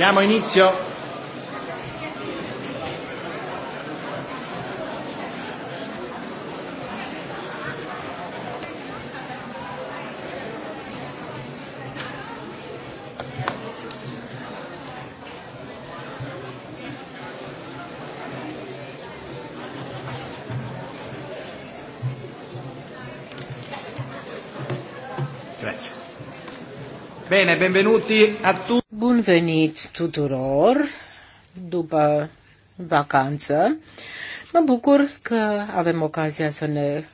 Diamo inizio. Bene, benvenuti a tutti. Bun venit tuturor după vacanță. Mă bucur că avem ocazia să ne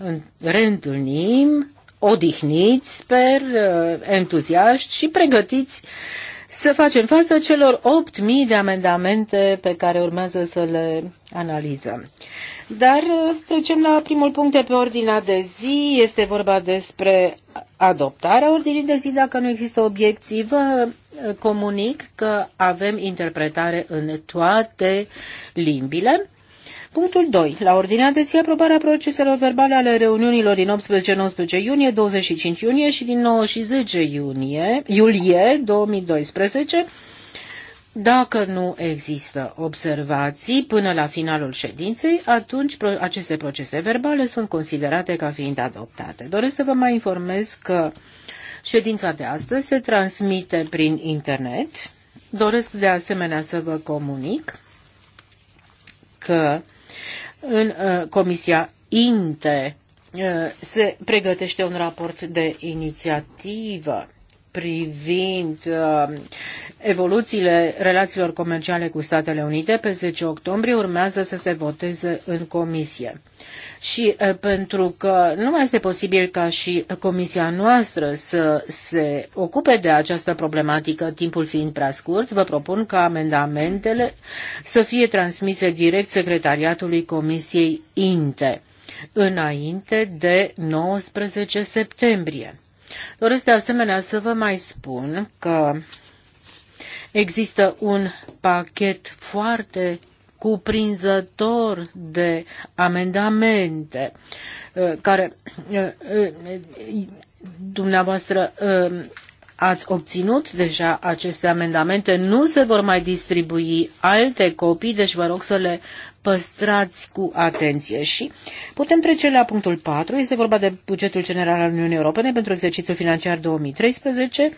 reîntâlnim, odihniți, sper, uh, entuziaști și pregătiți să facem față celor 8.000 de amendamente pe care urmează să le analizăm. Dar uh, trecem la primul punct de pe ordinea de zi. Este vorba despre adoptarea ordinii de zi. Dacă nu există obiecții, vă uh, comunic că avem interpretare în toate limbile. Punctul 2. La ordinea de zi aprobarea proceselor verbale ale reuniunilor din 18-19 iunie, 25 iunie și din 9 și 10 iunie, iulie 2012 dacă nu există observații până la finalul ședinței, atunci aceste procese verbale sunt considerate ca fiind adoptate. Doresc să vă mai informez că ședința de astăzi se transmite prin internet. Doresc de asemenea să vă comunic că în uh, Comisia INTE uh, se pregătește un raport de inițiativă privind uh, evoluțiile relațiilor comerciale cu Statele Unite, pe 10 octombrie urmează să se voteze în comisie. Și uh, pentru că nu mai este posibil ca și comisia noastră să se ocupe de această problematică, timpul fiind prea scurt, vă propun ca amendamentele să fie transmise direct secretariatului Comisiei INTE înainte de 19 septembrie. Doresc de asemenea să vă mai spun că există un pachet foarte cuprinzător de amendamente uh, care uh, uh, dumneavoastră ați obținut deja aceste amendamente, nu se vor mai distribui alte copii, deci vă rog să le păstrați cu atenție. Și putem trece la punctul 4, este vorba de bugetul general al Uniunii Europene pentru exercițiul financiar 2013.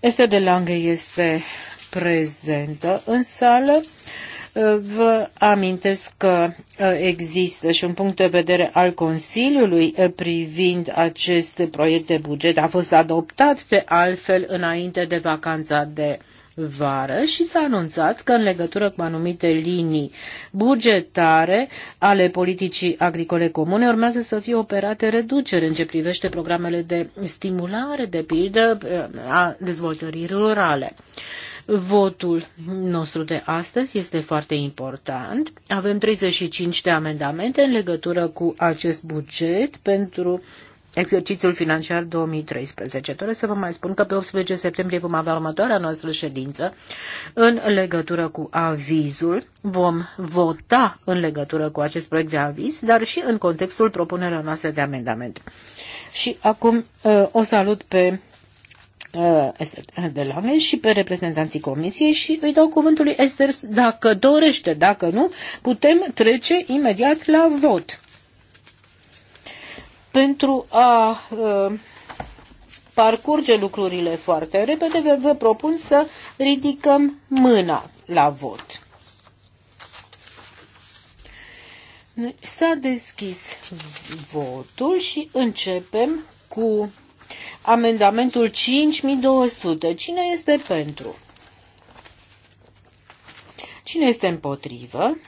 Este de langă, este prezentă în sală. Vă amintesc că uh, există și un punct de vedere al Consiliului uh, privind acest proiect de buget. A fost adoptat de altfel înainte de vacanța de vară și s-a anunțat că în legătură cu anumite linii bugetare ale politicii agricole comune urmează să fie operate reduceri în ce privește programele de stimulare, de pildă, uh, a dezvoltării rurale. Uh, Votul nostru de astăzi este foarte important. Avem 35 de amendamente în legătură cu acest buget pentru exercițiul financiar 2013. Doresc să vă mai spun că pe 18 septembrie vom avea următoarea noastră ședință în legătură cu avizul. Vom vota în legătură cu acest proiect de aviz, dar și în contextul propunerea noastră de amendament. Și acum uh, o salut pe de la Lange și pe reprezentanții comisiei și îi dau cuvântul lui Esther dacă dorește, dacă nu, putem trece imediat la vot. Pentru a uh, parcurge lucrurile foarte repede, vă propun să ridicăm mâna la vot. S-a deschis votul și începem cu amendamentul 5200. Cine este pentru? Cine este împotrivă?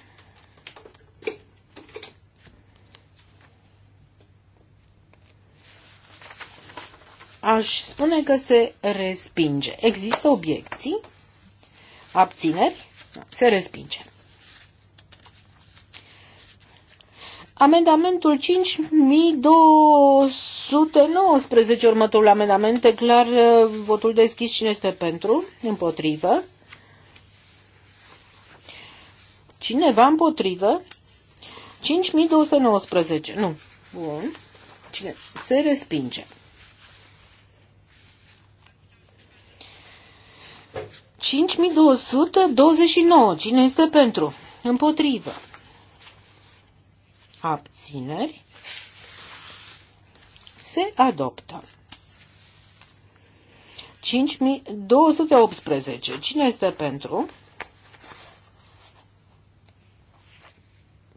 Aș spune că se respinge. Există obiecții? Abțineri? Se respinge. Amendamentul 5219, următorul amendament, declar uh, votul deschis cine este pentru, împotrivă. Cineva împotrivă? 5219, nu. Bun. Cine? Se respinge. 5229. Cine este pentru? Împotrivă abțineri, se adoptă. 5218. Cine este pentru?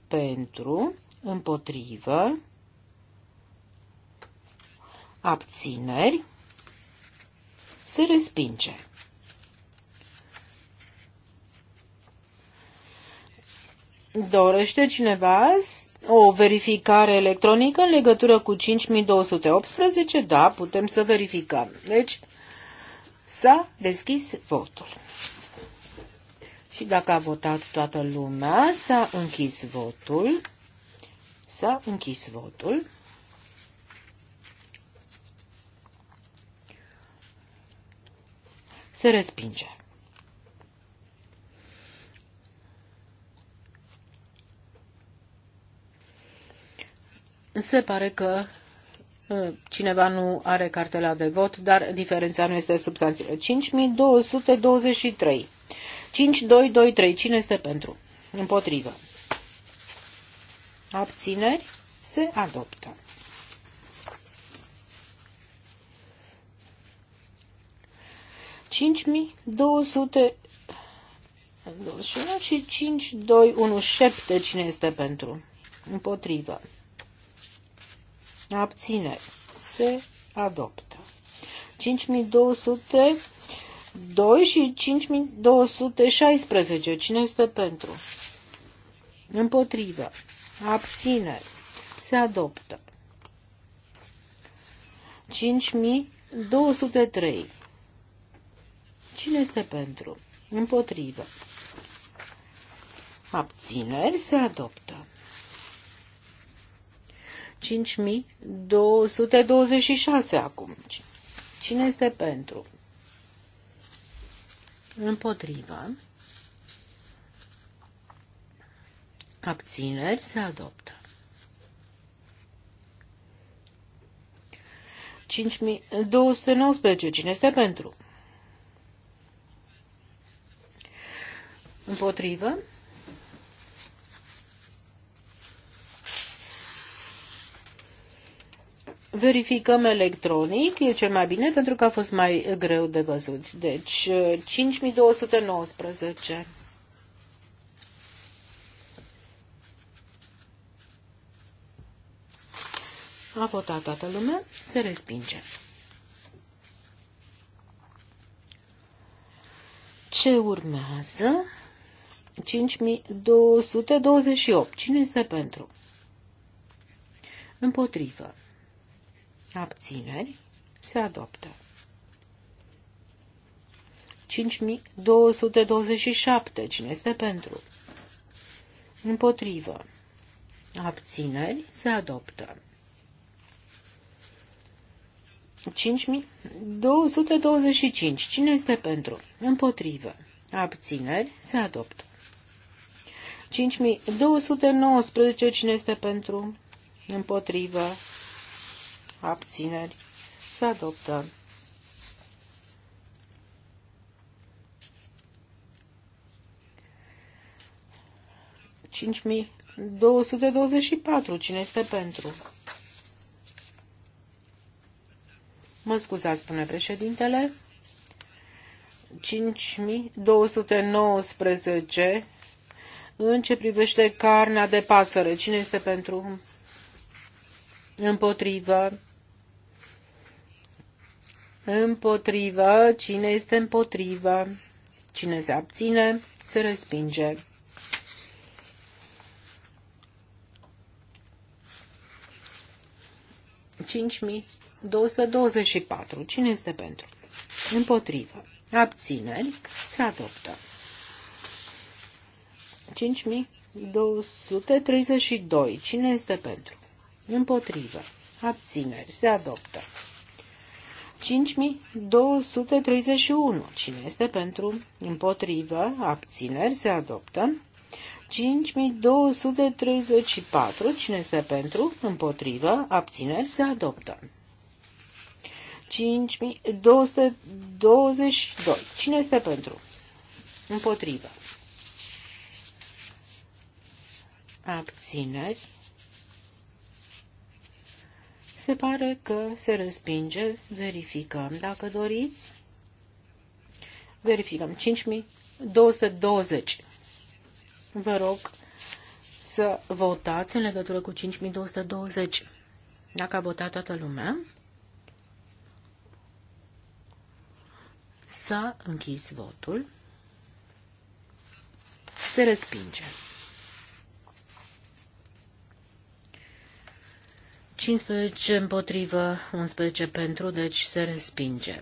Pentru, împotrivă, abțineri, se respinge. Dorește cineva o verificare electronică în legătură cu 5218? Da, putem să verificăm. Deci, s-a deschis votul. Și dacă a votat toată lumea, s-a închis votul. S-a închis votul. Se respinge. Se pare că ă, cineva nu are cartela de vot, dar diferența nu este substanțială. 5223. 5223. Cine este pentru? Împotrivă. Abțineri? Se adoptă. Cinci mii două sute și cinci 2, unu 7, cine este pentru? Împotrivă abțineri, se adoptă. 5202 și 5216. Cine este pentru? Împotrivă. Abțineri. Se adoptă. 5203. Cine este pentru? Împotrivă. Abțineri se adoptă. 5226 acum. Cine este pentru? Împotrivă. Abțineri se adoptă. 5219. Cine este pentru? Împotrivă. Verificăm electronic, e cel mai bine pentru că a fost mai greu de văzut. Deci, 5219. A votat toată lumea, se respinge. Ce urmează? 5228. Cine este pentru? Împotrivă abțineri, se adoptă. 5227. Cine este pentru? Împotrivă. Abțineri se adoptă. 5225. Cine este pentru? Împotrivă. Abțineri se adoptă. 5219. Cine este pentru? Împotrivă abțineri, să adoptăm. Cinci 224. Cine este pentru? Mă scuzați, spune președintele. 5219 în ce privește carnea de pasăre. Cine este pentru? Împotrivă împotrivă, cine este împotrivă, cine se abține, se respinge. Cinci mii. 224. Cine este pentru? Împotrivă. Abțineri. Se adoptă. 5232. Cine este pentru? Împotrivă. Abțineri. Se adoptă. 5231. Cine este pentru? Împotrivă. Abțineri. Se adoptă. 5234. Cine este pentru? Împotrivă. Abțineri. Se adoptă. 5222. Cine este pentru? Împotrivă. Abțineri. Se pare că se respinge. Verificăm dacă doriți. Verificăm. 5220. Vă rog să votați în legătură cu 5220. Dacă a votat toată lumea, s-a închis votul. Se respinge. 15 împotrivă, 11 pentru, deci se respinge.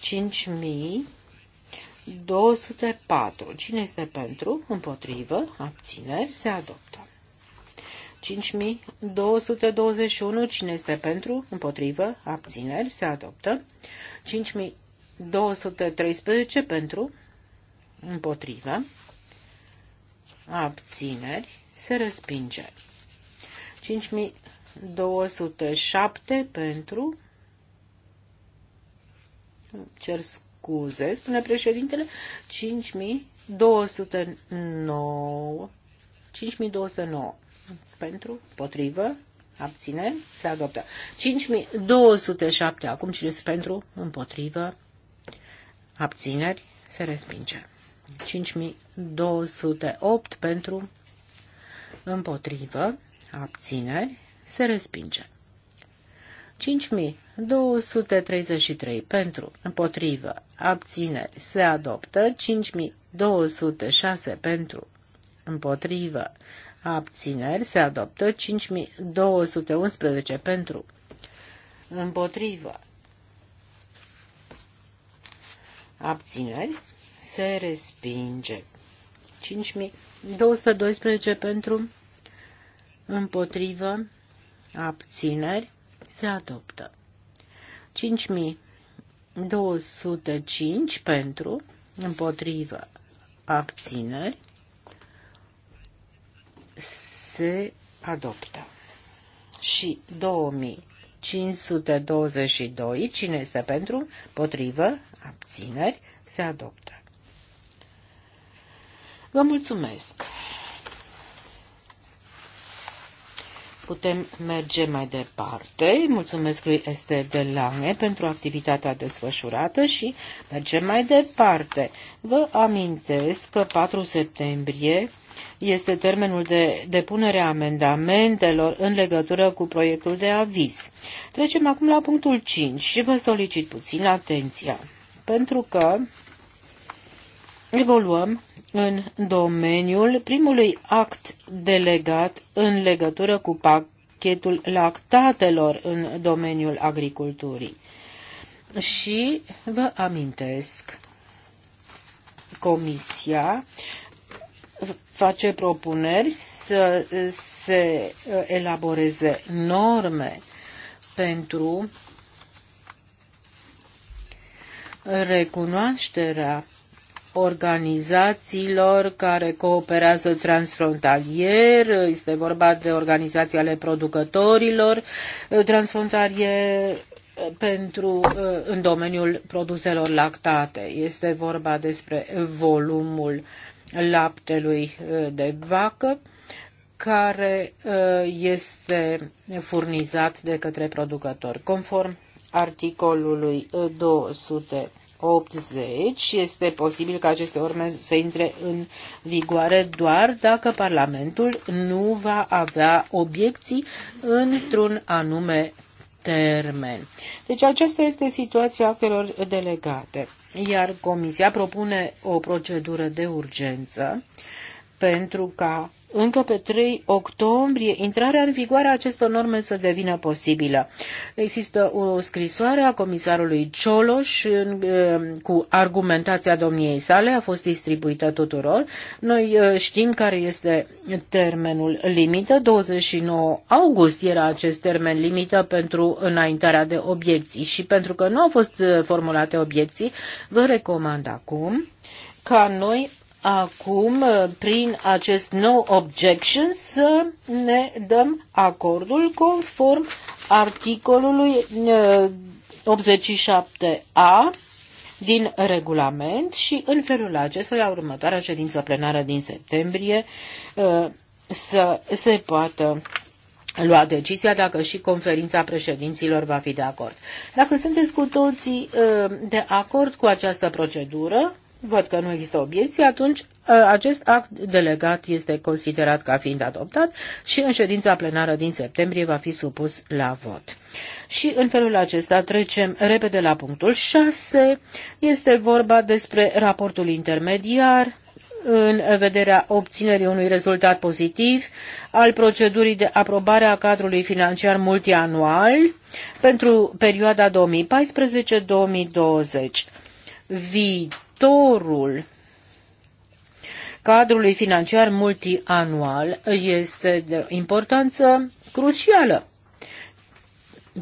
5204. Cine este pentru? Împotrivă, abțineri, se adoptă. 5221. Cine este pentru? Împotrivă, abțineri, se adoptă. 5213 pentru, împotrivă, abțineri, se respinge. 5.000 207 pentru. Cer scuze, spune președintele. 5209. 5209 pentru, potrivă, abține, se adoptă. 5207 acum cine este pentru, împotrivă, abțineri, se respinge. 5208 pentru, împotrivă, abțineri, se respinge. 5233 pentru, împotrivă, abțineri, se adoptă. 5206 pentru, împotrivă, abțineri, se adoptă. 5211 pentru, împotrivă, abțineri, se respinge. 5212 pentru, împotrivă, abțineri, se adoptă. 5205 pentru, împotrivă, abțineri, se adoptă. Și 2522, cine este pentru, potrivă, abțineri, se adoptă. Vă mulțumesc! putem merge mai departe. Mulțumesc lui Este de Lange pentru activitatea desfășurată și mergem mai departe. Vă amintesc că 4 septembrie este termenul de depunere a amendamentelor în legătură cu proiectul de aviz. Trecem acum la punctul 5 și vă solicit puțin atenția, pentru că evoluăm în domeniul primului act delegat în legătură cu pachetul lactatelor în domeniul agriculturii. Și vă amintesc, Comisia face propuneri să se uh, elaboreze norme pentru recunoașterea organizațiilor care cooperează transfrontalier, este vorba de organizații ale producătorilor uh, transfrontalier uh, pentru uh, în domeniul produselor lactate. Este vorba despre volumul laptelui de vacă care este furnizat de către producători. Conform articolului 200 80, este posibil ca aceste urme să intre în vigoare doar dacă Parlamentul nu va avea obiecții într-un anume termen. Deci aceasta este situația actelor delegate. Iar Comisia propune o procedură de urgență uh, pentru ca încă pe 3 octombrie intrarea în vigoare a acestor norme să devină posibilă. Există o scrisoare a comisarului Cioloș uh, cu argumentația domniei sale, a fost distribuită tuturor. Noi uh, știm care este termenul limită, 29 august era acest termen limită pentru înaintarea de obiecții și pentru că nu au fost uh, formulate obiecții, vă recomand acum ca noi acum, uh, prin acest no objection, să ne dăm acordul conform articolului 87a uh, din regulament și în felul acesta, la următoarea ședință plenară din septembrie, uh, să se poată lua decizia dacă și conferința președinților va fi de acord. Dacă sunteți cu toții de acord cu această procedură, Văd că nu există obiecții, atunci ă, acest act delegat este considerat ca fiind adoptat și în ședința plenară din septembrie va fi supus la vot. Și în felul acesta trecem repede la punctul 6. Este vorba despre raportul intermediar în vederea obținerii unui rezultat pozitiv al procedurii de aprobare a cadrului financiar multianual pentru perioada 2014-2020. Vi viitorul cadrului financiar multianual este de importanță crucială.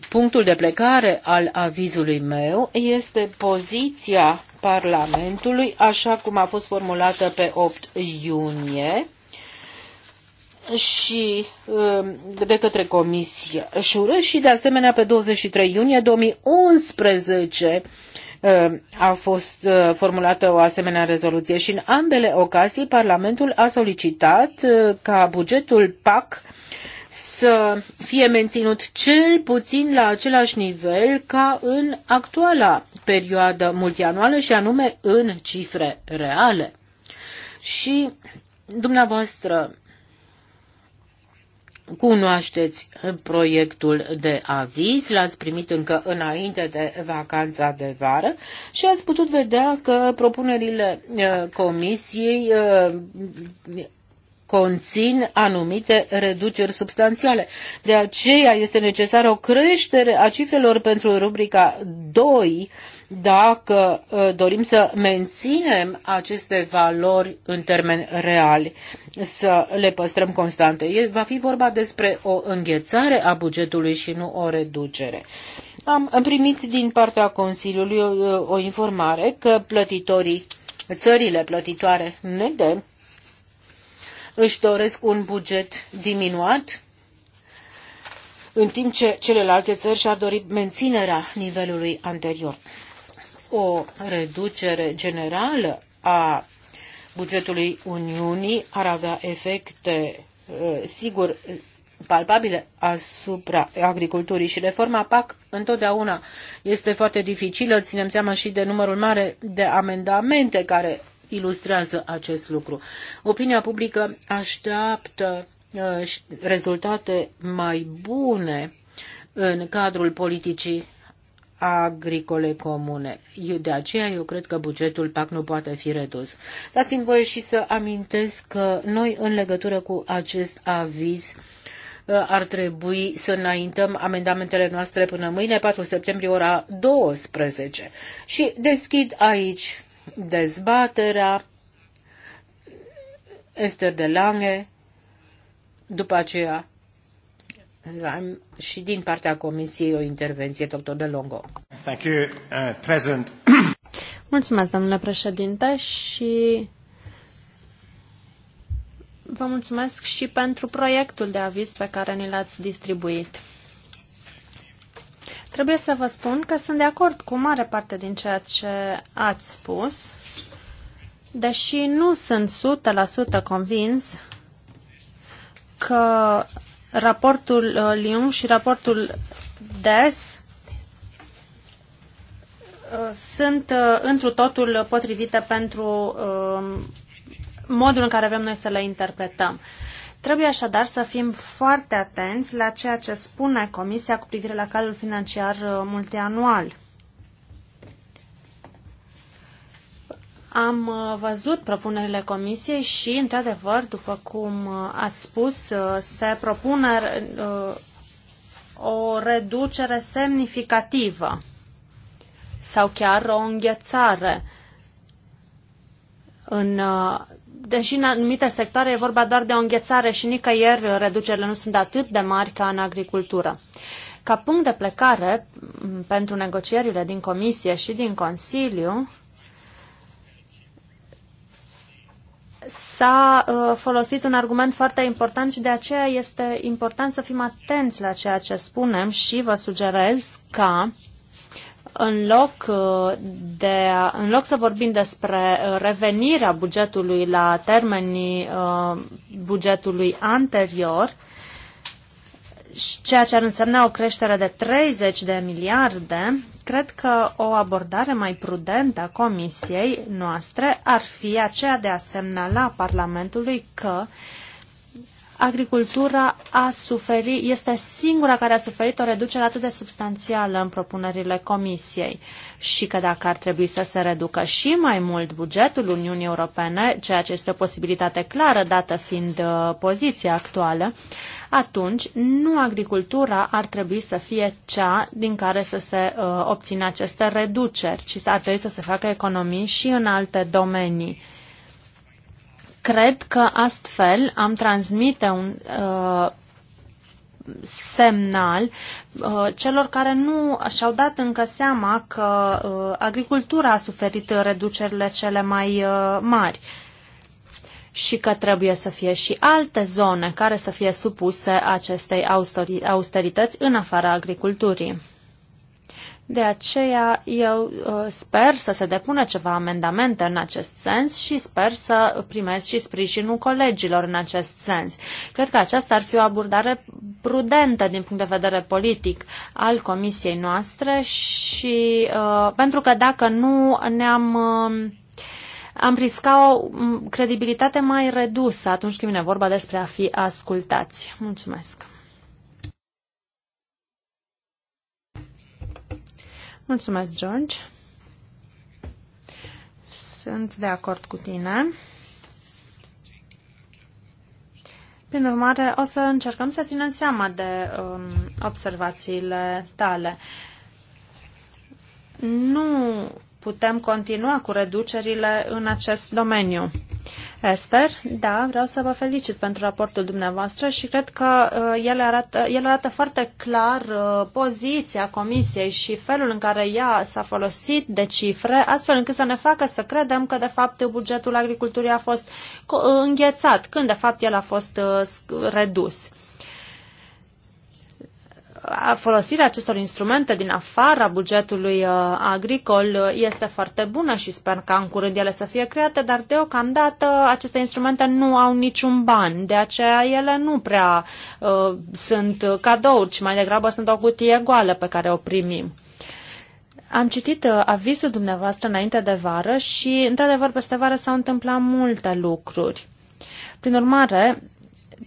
Punctul de plecare al avizului meu este poziția Parlamentului, așa cum a fost formulată pe 8 iunie și um, de către Comisia Șură și de asemenea pe 23 iunie 2011 Uh, a fost uh, formulată o asemenea rezoluție și în ambele ocazii Parlamentul a solicitat uh, ca bugetul PAC să fie menținut cel puțin la același nivel ca în actuala perioadă multianuală și anume în cifre reale. Și dumneavoastră cunoașteți proiectul de aviz, l-ați primit încă înainte de vacanța de vară și ați putut vedea că propunerile eh, comisiei eh, conțin anumite reduceri substanțiale. De aceea este necesară o creștere a cifrelor pentru rubrica 2 dacă uh, dorim să menținem aceste valori în termeni reali, să le păstrăm constante. Va fi vorba despre o înghețare a bugetului și nu o reducere. Am primit din partea Consiliului uh, o, informare că plătitorii, țările plătitoare nede își doresc un buget diminuat, în timp ce celelalte țări și-ar dori menținerea nivelului anterior. O reducere generală a bugetului Uniunii ar avea efecte, uh, sigur, palpabile asupra agriculturii și reforma PAC întotdeauna este foarte dificilă, ținem seama și de numărul mare de amendamente care ilustrează acest lucru. Opinia publică așteaptă uh, rezultate mai bune în cadrul politicii agricole comune. De aceea eu cred că bugetul PAC nu poate fi redus. Dați-mi voie și să amintesc că noi în legătură cu acest aviz uh, ar trebui să înaintăm amendamentele noastre până mâine, 4 septembrie, ora 12. Și deschid aici dezbaterea. Esther de Lange, după aceea am și din partea Comisiei o intervenție, doctor De Longo. Thank you, uh, present. Mulțumesc, domnule președinte, și vă mulțumesc și pentru proiectul de aviz pe care ni l-ați distribuit. Trebuie să vă spun că sunt de acord cu mare parte din ceea ce ați spus, deși nu sunt 100% convins că raportul uh, Lyon și raportul DES uh, sunt uh, întru totul potrivite pentru modul în care avem noi să le interpretăm. Trebuie așadar să fim foarte atenți la ceea ce spune Comisia cu privire la cadrul financiar uh, multianual. Am uh, văzut propunerile comisiei și, într-adevăr, după cum uh, ați spus, se propune o reducere semnificativă sau chiar o înghețare în deși în anumite sectoare e vorba doar de o înghețare și nicăieri reducerile nu sunt atât de mari ca în agricultură. Ca punct de plecare pentru negocierile din Comisie și din Consiliu, s-a uh, folosit un argument foarte important și de aceea este important să fim atenți la ceea ce spunem și vă sugerez ca în loc, uh, de, în loc să vorbim despre uh, revenirea bugetului la termenii uh, bugetului anterior, ceea ce ar însemna o creștere de 30 de miliarde, cred că o abordare mai prudentă a Comisiei noastre ar fi aceea de a semnala Parlamentului că uh, agricultura a suferit, este singura care a suferit o reducere atât de substanțială în propunerile Comisiei și că dacă ar trebui să se reducă și mai mult bugetul Uniunii Europene, ceea ce este o posibilitate clară dată fiind uh, poziția actuală, atunci nu agricultura ar trebui să fie cea din care să se uh, obțină aceste reduceri, ci ar trebui să se facă economii și în alte domenii. Cred că astfel am transmite un uh, semnal uh, celor care nu și-au dat încă seama că uh, agricultura a suferit reducerile cele mai uh, mari și că trebuie să fie și alte zone care să fie supuse acestei austerități în afara agriculturii. De aceea eu uh, sper să se depună ceva amendamente în acest sens și sper să primesc și sprijinul colegilor în acest sens. Cred că aceasta ar fi o abordare prudentă din punct de vedere politic al comisiei noastre și uh, pentru că dacă nu ne-am uh, am risca o um, credibilitate mai redusă atunci când vine vorba despre a fi ascultați. Mulțumesc. Mulțumesc, George. Sunt de acord cu tine. Prin urmare, o să încercăm să ținem seama de um, observațiile tale. Nu putem continua cu reducerile în acest domeniu. Esther, da, vreau să vă felicit pentru raportul dumneavoastră și cred că uh, el, arată, el arată foarte clar uh, poziția Comisiei și felul în care ea s-a folosit de cifre, astfel încât să ne facă să credem că, de fapt, bugetul agriculturii a fost uh, înghețat, când, de fapt, el a fost uh, redus folosirea acestor instrumente din afara bugetului uh, agricol uh, este foarte bună și sper ca în curând ele să fie create, dar deocamdată aceste instrumente nu au niciun ban, de aceea ele nu prea uh, sunt cadouri, ci mai degrabă sunt o cutie goală pe care o primim. Am citit uh, avizul dumneavoastră înainte de vară și, într-adevăr, peste vară s-au întâmplat multe lucruri. Prin urmare,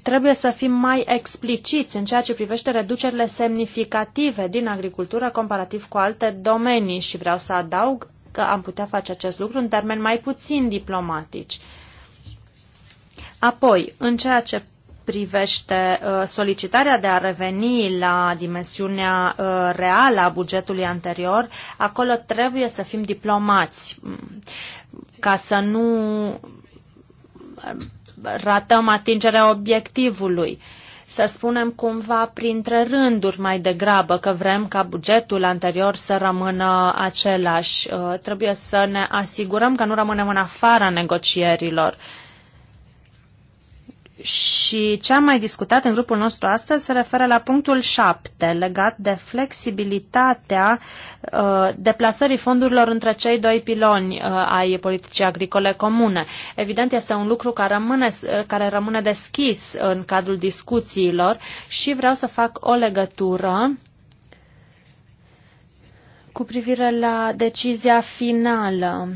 trebuie să fim mai expliciți în ceea ce privește reducerile semnificative din agricultură comparativ cu alte domenii și vreau să adaug că am putea face acest lucru în termeni mai puțin diplomatici. Apoi, în ceea ce privește uh, solicitarea de a reveni la dimensiunea uh, reală a bugetului anterior, acolo trebuie să fim diplomați mm, ca să nu ratăm atingerea obiectivului. Să spunem cumva printre rânduri mai degrabă că vrem ca bugetul anterior să rămână același. Uh, trebuie să ne asigurăm că nu rămânem în afara negocierilor și ce am mai discutat în grupul nostru astăzi se referă la punctul 7, legat de flexibilitatea uh, deplasării fondurilor între cei doi piloni uh, ai politicii agricole comune. Evident, este un lucru care rămâne, uh, care rămâne deschis în cadrul discuțiilor și vreau să fac o legătură cu privire la decizia finală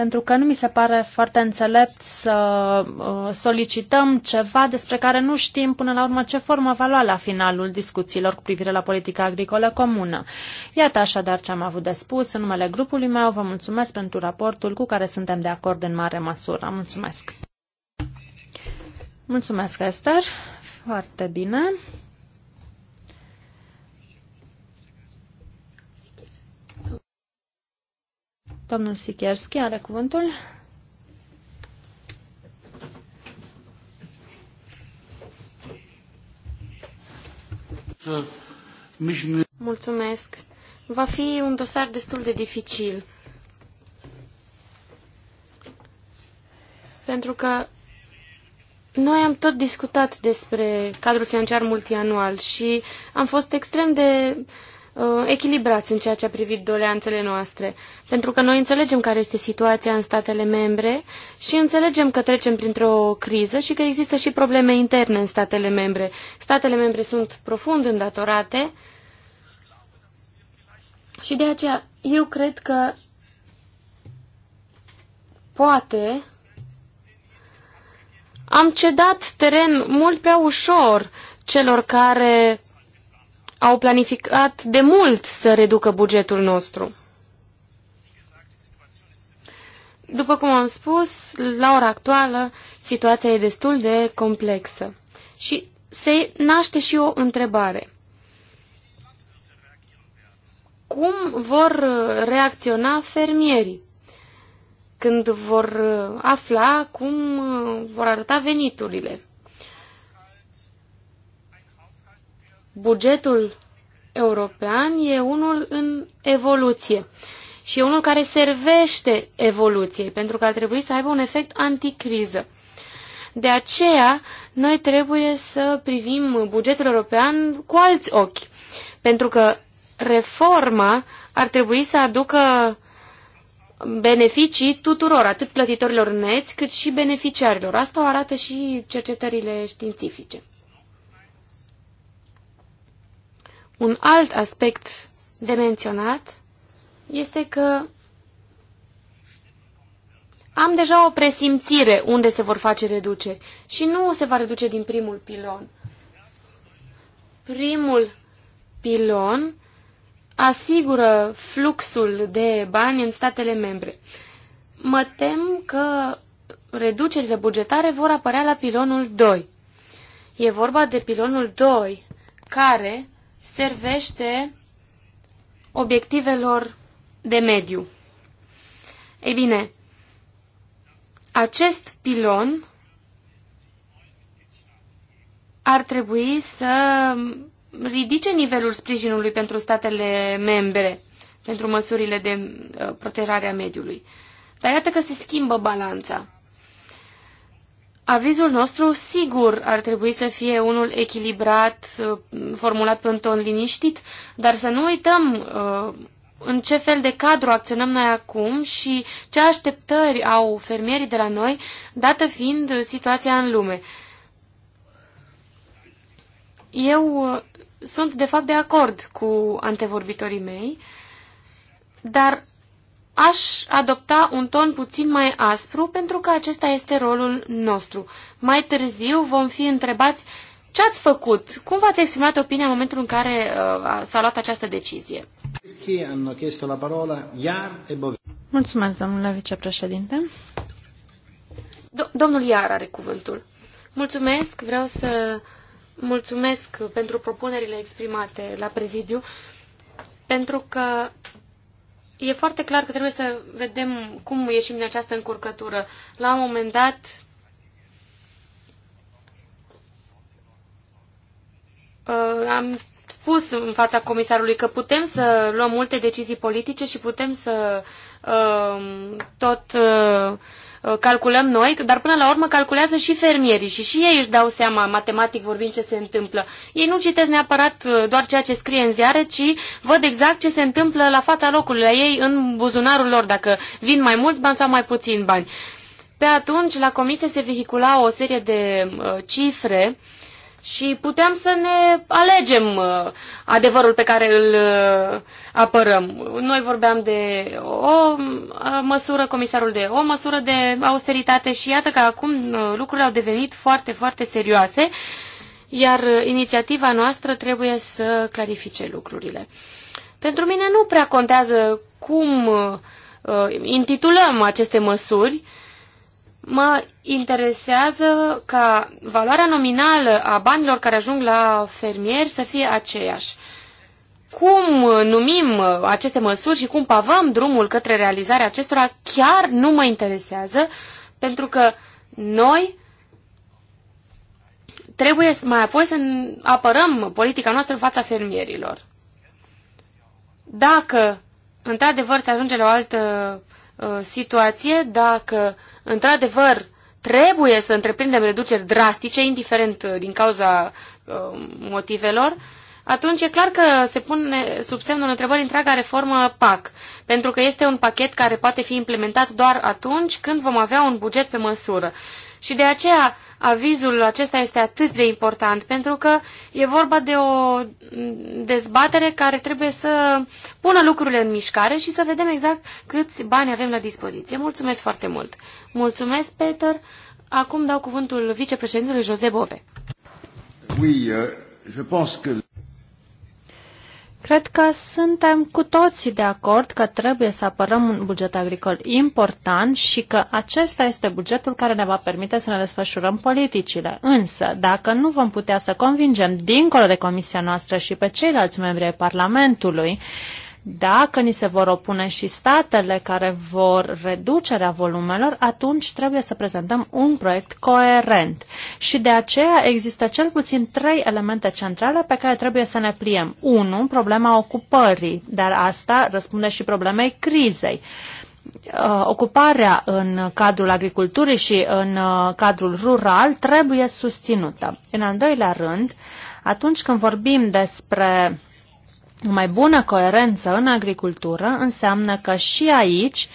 pentru că nu mi se pare foarte înțelept să uh, solicităm ceva despre care nu știm până la urmă ce formă va lua la finalul discuțiilor cu privire la politica agricolă comună. Iată așadar ce am avut de spus. În numele grupului meu vă mulțumesc pentru raportul cu care suntem de acord în mare măsură. Mulțumesc! Mulțumesc, Esther! Foarte bine! Domnul Sikierski are cuvântul. Mulțumesc. Va fi un dosar destul de dificil. Pentru că noi am tot discutat despre cadrul financiar multianual și am fost extrem de uh, echilibrați în ceea ce a privit doleanțele noastre, pentru că noi înțelegem care este situația în statele membre și înțelegem că trecem printr-o criză și că există și probleme interne în statele membre. Statele membre sunt profund îndatorate și de aceea eu cred că poate am cedat teren mult prea ușor celor care au planificat de mult să reducă bugetul nostru. După cum am spus, la ora actuală situația e destul de complexă și se naște și o întrebare. Cum vor reacționa fermierii când vor afla cum vor arăta veniturile? bugetul european e unul în evoluție și e unul care servește evoluției, pentru că ar trebui să aibă un efect anticriză. De aceea, noi trebuie să privim bugetul european cu alți ochi, pentru că reforma ar trebui să aducă beneficii tuturor, atât plătitorilor neți, cât și beneficiarilor. Asta o arată și cercetările științifice. Un alt aspect de menționat este că am deja o presimțire unde se vor face reduceri și nu se va reduce din primul pilon. Primul pilon asigură fluxul de bani în statele membre. Mă tem că reducerile bugetare vor apărea la pilonul 2. E vorba de pilonul 2, care servește obiectivelor de mediu. Ei bine, acest pilon ar trebui să ridice nivelul sprijinului pentru statele membre, pentru măsurile de uh, protejare a mediului. Dar iată că se schimbă balanța. Avizul nostru, sigur, ar trebui să fie unul echilibrat, uh, formulat pe un ton liniștit, dar să nu uităm uh, în ce fel de cadru acționăm noi acum și ce așteptări au fermierii de la noi, dată fiind situația în lume. Eu uh, sunt, de fapt, de acord cu antevorbitorii mei, dar aș adopta un ton puțin mai aspru, pentru că acesta este rolul nostru. Mai târziu vom fi întrebați ce ați făcut, cum v-ați exprimat opinia în momentul în care uh, s-a luat această decizie. Mulțumesc, domnule vicepreședinte. Do domnul Iar are cuvântul. Mulțumesc, vreau să mulțumesc pentru propunerile exprimate la prezidiu, pentru că e foarte clar că trebuie să vedem cum ieșim din această încurcătură. La un moment dat, uh, am spus în fața comisarului că putem să luăm multe decizii politice și putem să uh, tot uh, Uh, calculăm noi, dar până la urmă calculează și fermierii și și ei își dau seama, matematic vorbind, ce se întâmplă. Ei nu citesc neapărat uh, doar ceea ce scrie în ziare, ci văd exact ce se întâmplă la fața locului, la ei, în buzunarul lor, dacă vin mai mulți bani sau mai puțini bani. Pe atunci, la comisie se vehicula o serie de uh, cifre uh, și putem să ne alegem uh, adevărul pe care îl uh, apărăm. Noi vorbeam de o uh, măsură, comisarul de o măsură de austeritate și iată că acum lucrurile au devenit foarte, foarte serioase, iar inițiativa noastră trebuie să clarifice lucrurile. Pentru mine nu prea contează cum intitulăm aceste măsuri, uh, mă interesează ca valoarea nominală a banilor care ajung la fermieri să fie aceeași. Cum numim aceste măsuri și cum pavăm drumul către realizarea acestora chiar nu mă interesează, pentru că noi trebuie mai apoi să apărăm politica noastră în fața fermierilor. Dacă într-adevăr se ajunge la o altă uh, situație, dacă uh, într-adevăr, trebuie să întreprindem reduceri drastice, indiferent uh, din cauza uh, motivelor, atunci e clar că se pune sub semnul întrebării întreaga reformă PAC, pentru că este un pachet care poate fi implementat doar atunci când vom avea un buget pe măsură. Și de aceea avizul acesta este atât de important, pentru că e vorba de o dezbatere care trebuie să pună lucrurile în mișcare și să vedem exact câți bani avem la dispoziție. Mulțumesc foarte mult! Mulțumesc, Peter! Acum dau cuvântul vicepreședintelui Jose Bove. Oui, euh, je pense que... Cred că suntem cu toții de acord că trebuie să apărăm un buget agricol important și că acesta este bugetul care ne va permite să ne desfășurăm politicile. Însă, dacă nu vom putea să convingem dincolo de comisia noastră și pe ceilalți membri ai Parlamentului, uh, dacă ni se vor opune și statele care vor reducerea volumelor, atunci trebuie să prezentăm un proiect coerent. Și de aceea există cel puțin trei elemente centrale pe care trebuie să ne pliem. Unu, Problema ocupării, dar asta răspunde și problemei crizei uh, ocuparea în cadrul agriculturii și în uh, cadrul rural trebuie susținută. În al doilea rând, atunci când vorbim despre o mai bună coerență în agricultură înseamnă că și aici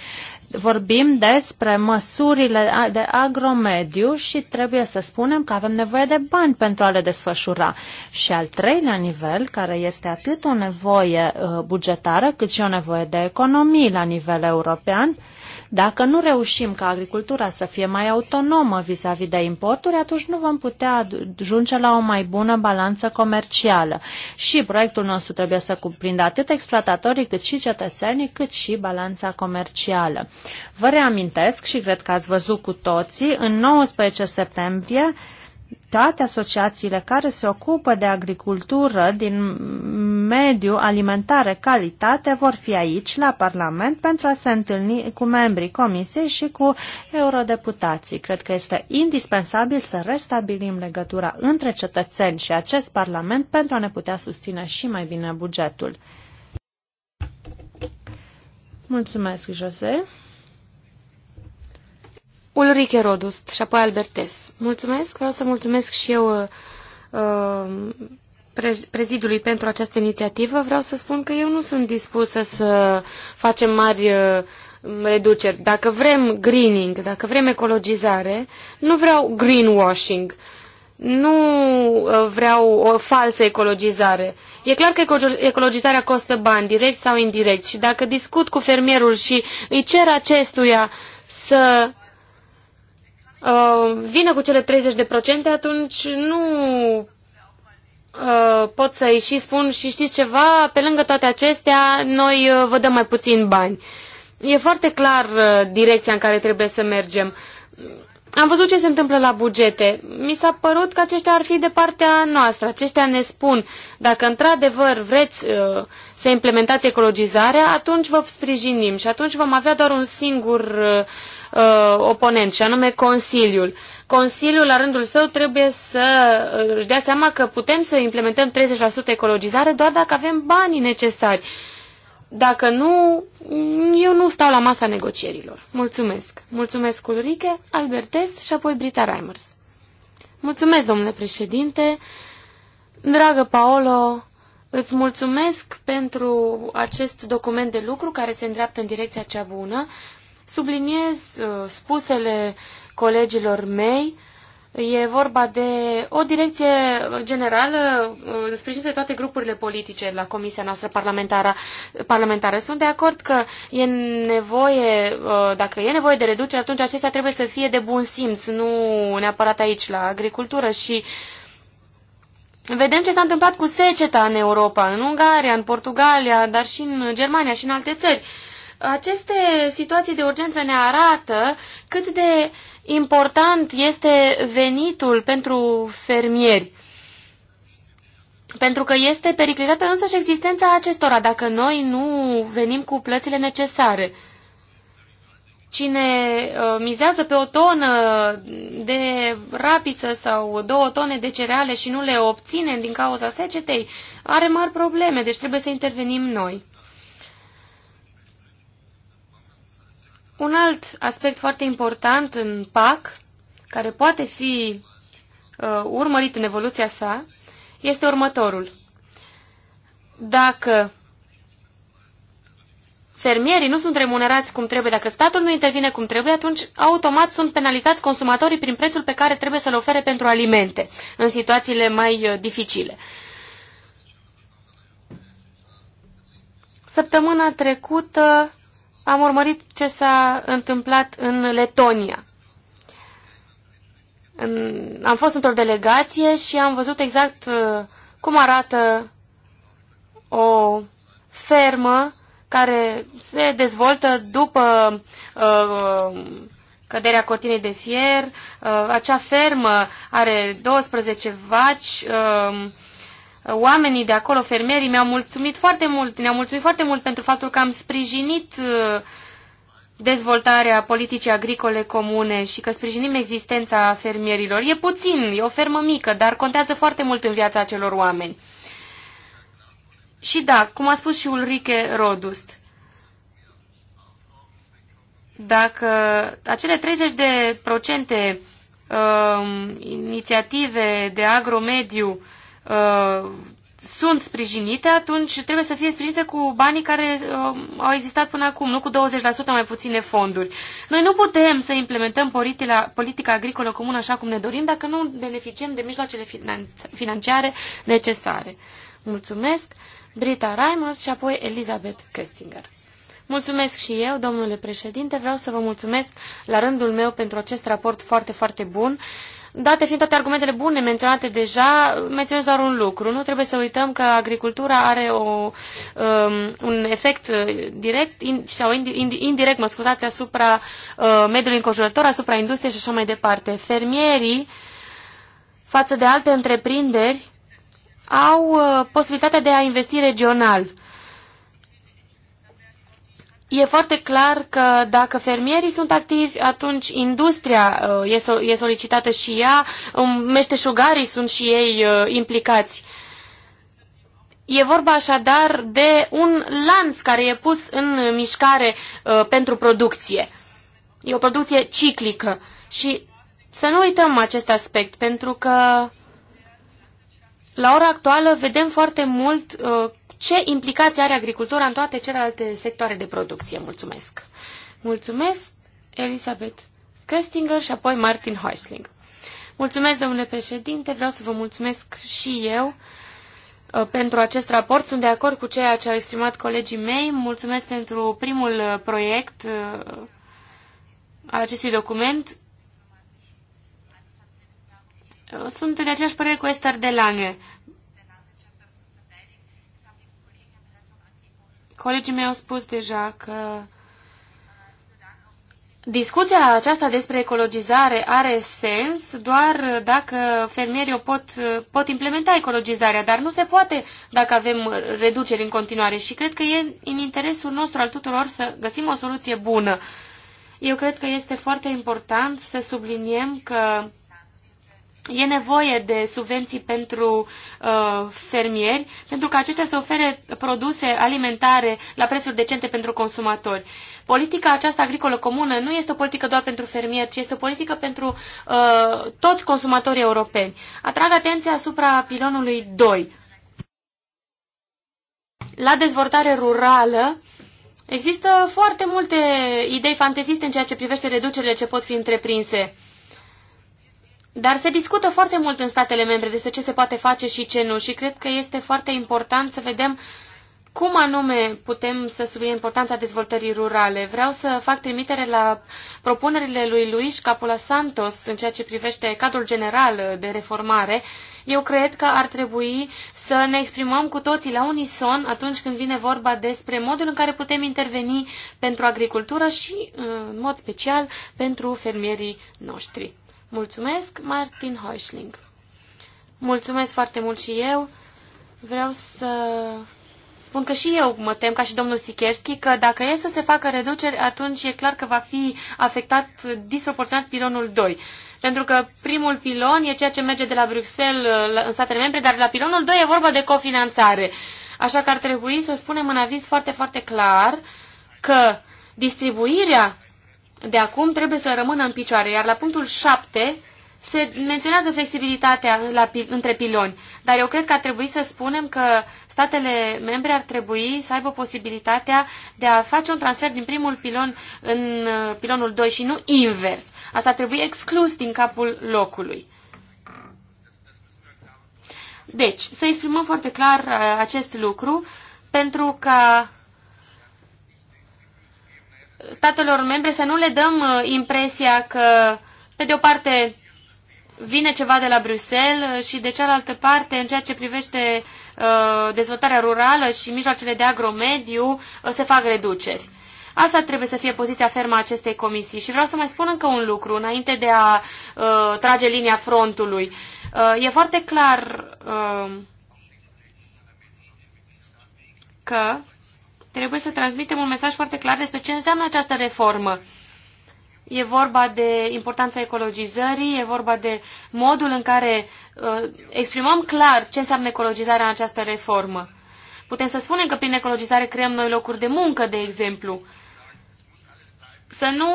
vorbim despre măsurile de agromediu și trebuie să spunem că avem nevoie de bani pentru a le desfășura. Și al treilea nivel, care este atât o nevoie uh, bugetară cât și o nevoie de economii la nivel european, dacă nu reușim ca agricultura să fie mai autonomă vis-a-vis -vis de importuri, atunci nu vom putea ajunge la o mai bună balanță comercială. Și proiectul nostru trebuie să cuprindă atât exploatatorii cât și cetățenii, cât și balanța comercială. Vă reamintesc și cred că ați văzut cu toții, în 19 septembrie, toate asociațiile care se ocupă de agricultură din mediu alimentare calitate vor fi aici, la Parlament, pentru a se întâlni cu membrii Comisiei și cu eurodeputații. Cred că este indispensabil să restabilim legătura între cetățeni și acest Parlament pentru a ne putea susține și mai bine bugetul. Mulțumesc, Jose. Ulrike Rodust și apoi Albertes. Mulțumesc, vreau să mulțumesc și eu uh, prezidului pentru această inițiativă. Vreau să spun că eu nu sunt dispusă să facem mari uh, reduceri. Dacă vrem greening, dacă vrem ecologizare, nu vreau greenwashing. Nu uh, vreau o falsă ecologizare. E clar că ecologizarea costă bani, direct sau indirect. Și dacă discut cu fermierul și îi cer acestuia să Uh, vine vină cu cele 30%, atunci nu uh, pot să-i și spun și știți ceva, pe lângă toate acestea, noi uh, vă dăm mai puțin bani. E foarte clar uh, direcția în care trebuie să mergem. Am văzut ce se întâmplă la bugete. Mi s-a părut că aceștia ar fi de partea noastră. Aceștia ne spun, dacă într-adevăr vreți uh, să implementați ecologizarea, atunci vă sprijinim și atunci vom avea doar un singur uh, uh, oponent, și anume Consiliul. Consiliul, la rândul său, trebuie să uh, își dea seama că putem să implementăm 30% ecologizare doar dacă avem banii necesari. Dacă nu, eu nu stau la masa negocierilor. Mulțumesc. Mulțumesc, Ulrike, Albertes și apoi Brita Reimers. Mulțumesc, domnule președinte. Dragă Paolo, îți mulțumesc pentru acest document de lucru care se îndreaptă în direcția cea bună. Subliniez uh, spusele colegilor mei. E vorba de o direcție generală uh, sprijinită de toate grupurile politice la Comisia noastră parlamentară. parlamentară. Sunt de acord că e nevoie, uh, dacă e nevoie de reducere, atunci acestea trebuie să fie de bun simț, nu neapărat aici, la agricultură și Vedem ce s-a întâmplat cu seceta în Europa, în Ungaria, în Portugalia, dar și în Germania și în alte țări. Aceste situații de urgență ne arată cât de important este venitul pentru fermieri. Pentru că este periclitată însă și existența acestora dacă noi nu venim cu plățile necesare. Cine uh, mizează pe o tonă de rapiță sau două tone de cereale și nu le obține din cauza secetei, are mari probleme, deci trebuie să intervenim noi. Un alt aspect foarte important în PAC, care poate fi uh, urmărit în evoluția sa, este următorul. Dacă fermierii nu sunt remunerați cum trebuie, dacă statul nu intervine cum trebuie, atunci automat sunt penalizați consumatorii prin prețul pe care trebuie să-l ofere pentru alimente în situațiile mai uh, dificile. Săptămâna trecută am urmărit ce s-a întâmplat în Letonia. Am fost într-o delegație și am văzut exact uh, cum arată o fermă care se dezvoltă după uh, căderea cortinei de fier. Uh, acea fermă are 12 vaci, uh, oamenii de acolo, fermierii, mi-au mulțumit foarte mult, ne-au mulțumit foarte mult pentru faptul că am sprijinit uh, dezvoltarea politicii agricole comune și că sprijinim existența fermierilor. E puțin, e o fermă mică, dar contează foarte mult în viața acelor oameni. Și da, cum a spus și Ulrike Rodust, dacă acele 30 de procente uh, inițiative de agromediu uh, Uh, sunt sprijinite, atunci trebuie să fie sprijinite cu banii care uh, au existat până acum, nu cu 20% mai puține fonduri. Noi nu putem să implementăm politica, politica agricolă comună așa cum ne dorim dacă nu beneficiem de mijloacele financiare necesare. Mulțumesc, Brita Reimers și apoi Elizabeth Köstinger. Mulțumesc și eu, domnule președinte. Vreau să vă mulțumesc la rândul meu pentru acest raport foarte, foarte bun. Uh, Date fiind toate argumentele bune menționate deja, menționez doar un lucru. Nu trebuie să uităm că agricultura are o, um, un efect uh, direct in, sau indi, indirect, mă scuzați, asupra uh, mediului înconjurător, asupra industriei și așa mai departe. Fermierii, față de alte întreprinderi, au uh, posibilitatea de a investi regional e foarte clar că dacă fermierii sunt activi, atunci industria uh, e solicitată și ea, um, meșteșugarii sunt și ei uh, implicați. E vorba așadar de un lanț care e pus în mișcare uh, pentru producție. E o producție ciclică și să nu uităm acest aspect, pentru că la ora actuală vedem foarte mult uh, ce implicații are agricultura în toate celelalte sectoare de producție. Mulțumesc! Mulțumesc, Elisabeth Köstinger și apoi Martin Heusling. Mulțumesc, domnule președinte, vreau să vă mulțumesc și eu uh, pentru acest raport. Sunt de acord cu ceea ce au exprimat colegii mei. Mulțumesc pentru primul uh, proiect al acestui document. Sunt de aceeași părere cu Esther de Lange. Colegii mei au spus deja că discuția aceasta despre ecologizare are sens doar dacă fermierii o pot, pot implementa ecologizarea, dar nu se poate dacă avem reduceri în continuare și cred că e în interesul nostru al tuturor să găsim o soluție bună. Eu cred că este foarte important să subliniem că E nevoie de subvenții pentru uh, fermieri, pentru că aceștia să ofere produse alimentare la prețuri decente pentru consumatori. Politica aceasta agricolă comună nu este o politică doar pentru fermieri, ci este o politică pentru uh, toți consumatorii europeni. Atrag atenția asupra pilonului 2. La dezvoltare rurală, Există foarte multe idei fanteziste în ceea ce privește reducerile ce pot fi întreprinse. Dar se discută foarte mult în statele membre despre ce se poate face și ce nu și cred că este foarte important să vedem cum anume putem să subliniem importanța dezvoltării rurale. Vreau să fac trimitere la propunerile lui Luis Capula Santos în ceea ce privește cadrul general de reformare. Eu cred că ar trebui să ne exprimăm cu toții la unison atunci când vine vorba despre modul în care putem interveni pentru agricultură și, în mod special, pentru fermierii noștri. Mulțumesc, Martin Heuschling. Mulțumesc foarte mult și eu. Vreau să spun că și eu mă tem, ca și domnul Sikerski, că dacă e să se facă reduceri, atunci e clar că va fi afectat disproporționat pilonul 2. Pentru că primul pilon e ceea ce merge de la Bruxelles în statele membre, dar la pilonul 2 e vorba de cofinanțare. Așa că ar trebui să spunem în aviz foarte, foarte clar că distribuirea de acum trebuie să rămână în picioare, iar la punctul 7 se menționează flexibilitatea la, între piloni, dar eu cred că ar trebui să spunem că statele membre ar trebui să aibă posibilitatea de a face un transfer din primul pilon în uh, pilonul 2 și nu invers. Asta trebuie exclus din capul locului. Deci, să exprimăm foarte clar uh, acest lucru pentru ca statelor membre să nu le dăm uh, impresia că, pe de o parte, vine ceva de la Bruxelles uh, și de cealaltă parte, în ceea ce privește uh, dezvoltarea rurală și mijloacele de agromediu, se fac reduceri. Asta trebuie să fie poziția fermă a acestei comisii. Și vreau să mai spun încă un lucru, înainte de a uh, trage linia frontului. Uh, e foarte clar uh, că Trebuie să transmitem un mesaj foarte clar despre ce înseamnă această reformă. E vorba de importanța ecologizării, e vorba de modul în care uh, exprimăm clar ce înseamnă ecologizarea în această reformă. Putem să spunem că prin ecologizare creăm noi locuri de muncă, de exemplu, să nu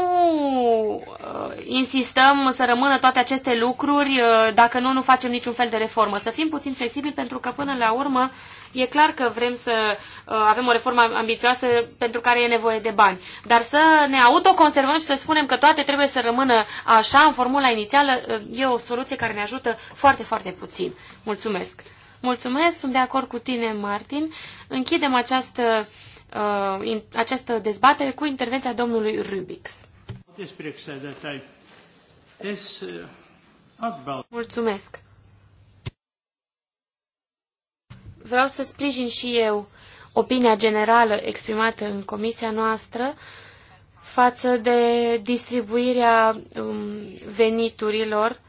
uh, insistăm să rămână toate aceste lucruri uh, dacă nu, nu facem niciun fel de reformă. Să fim puțin flexibili pentru că până la urmă e clar că vrem să uh, avem o reformă ambițioasă pentru care e nevoie de bani. Dar să ne autoconservăm și să spunem că toate trebuie să rămână așa în formula inițială uh, e o soluție care ne ajută foarte, foarte puțin. Mulțumesc! Mulțumesc, sunt de acord cu tine, Martin. Închidem această Uh, această dezbatere cu intervenția domnului Rubix. Mulțumesc! Vreau să sprijin și eu opinia generală exprimată în comisia noastră față de distribuirea um, veniturilor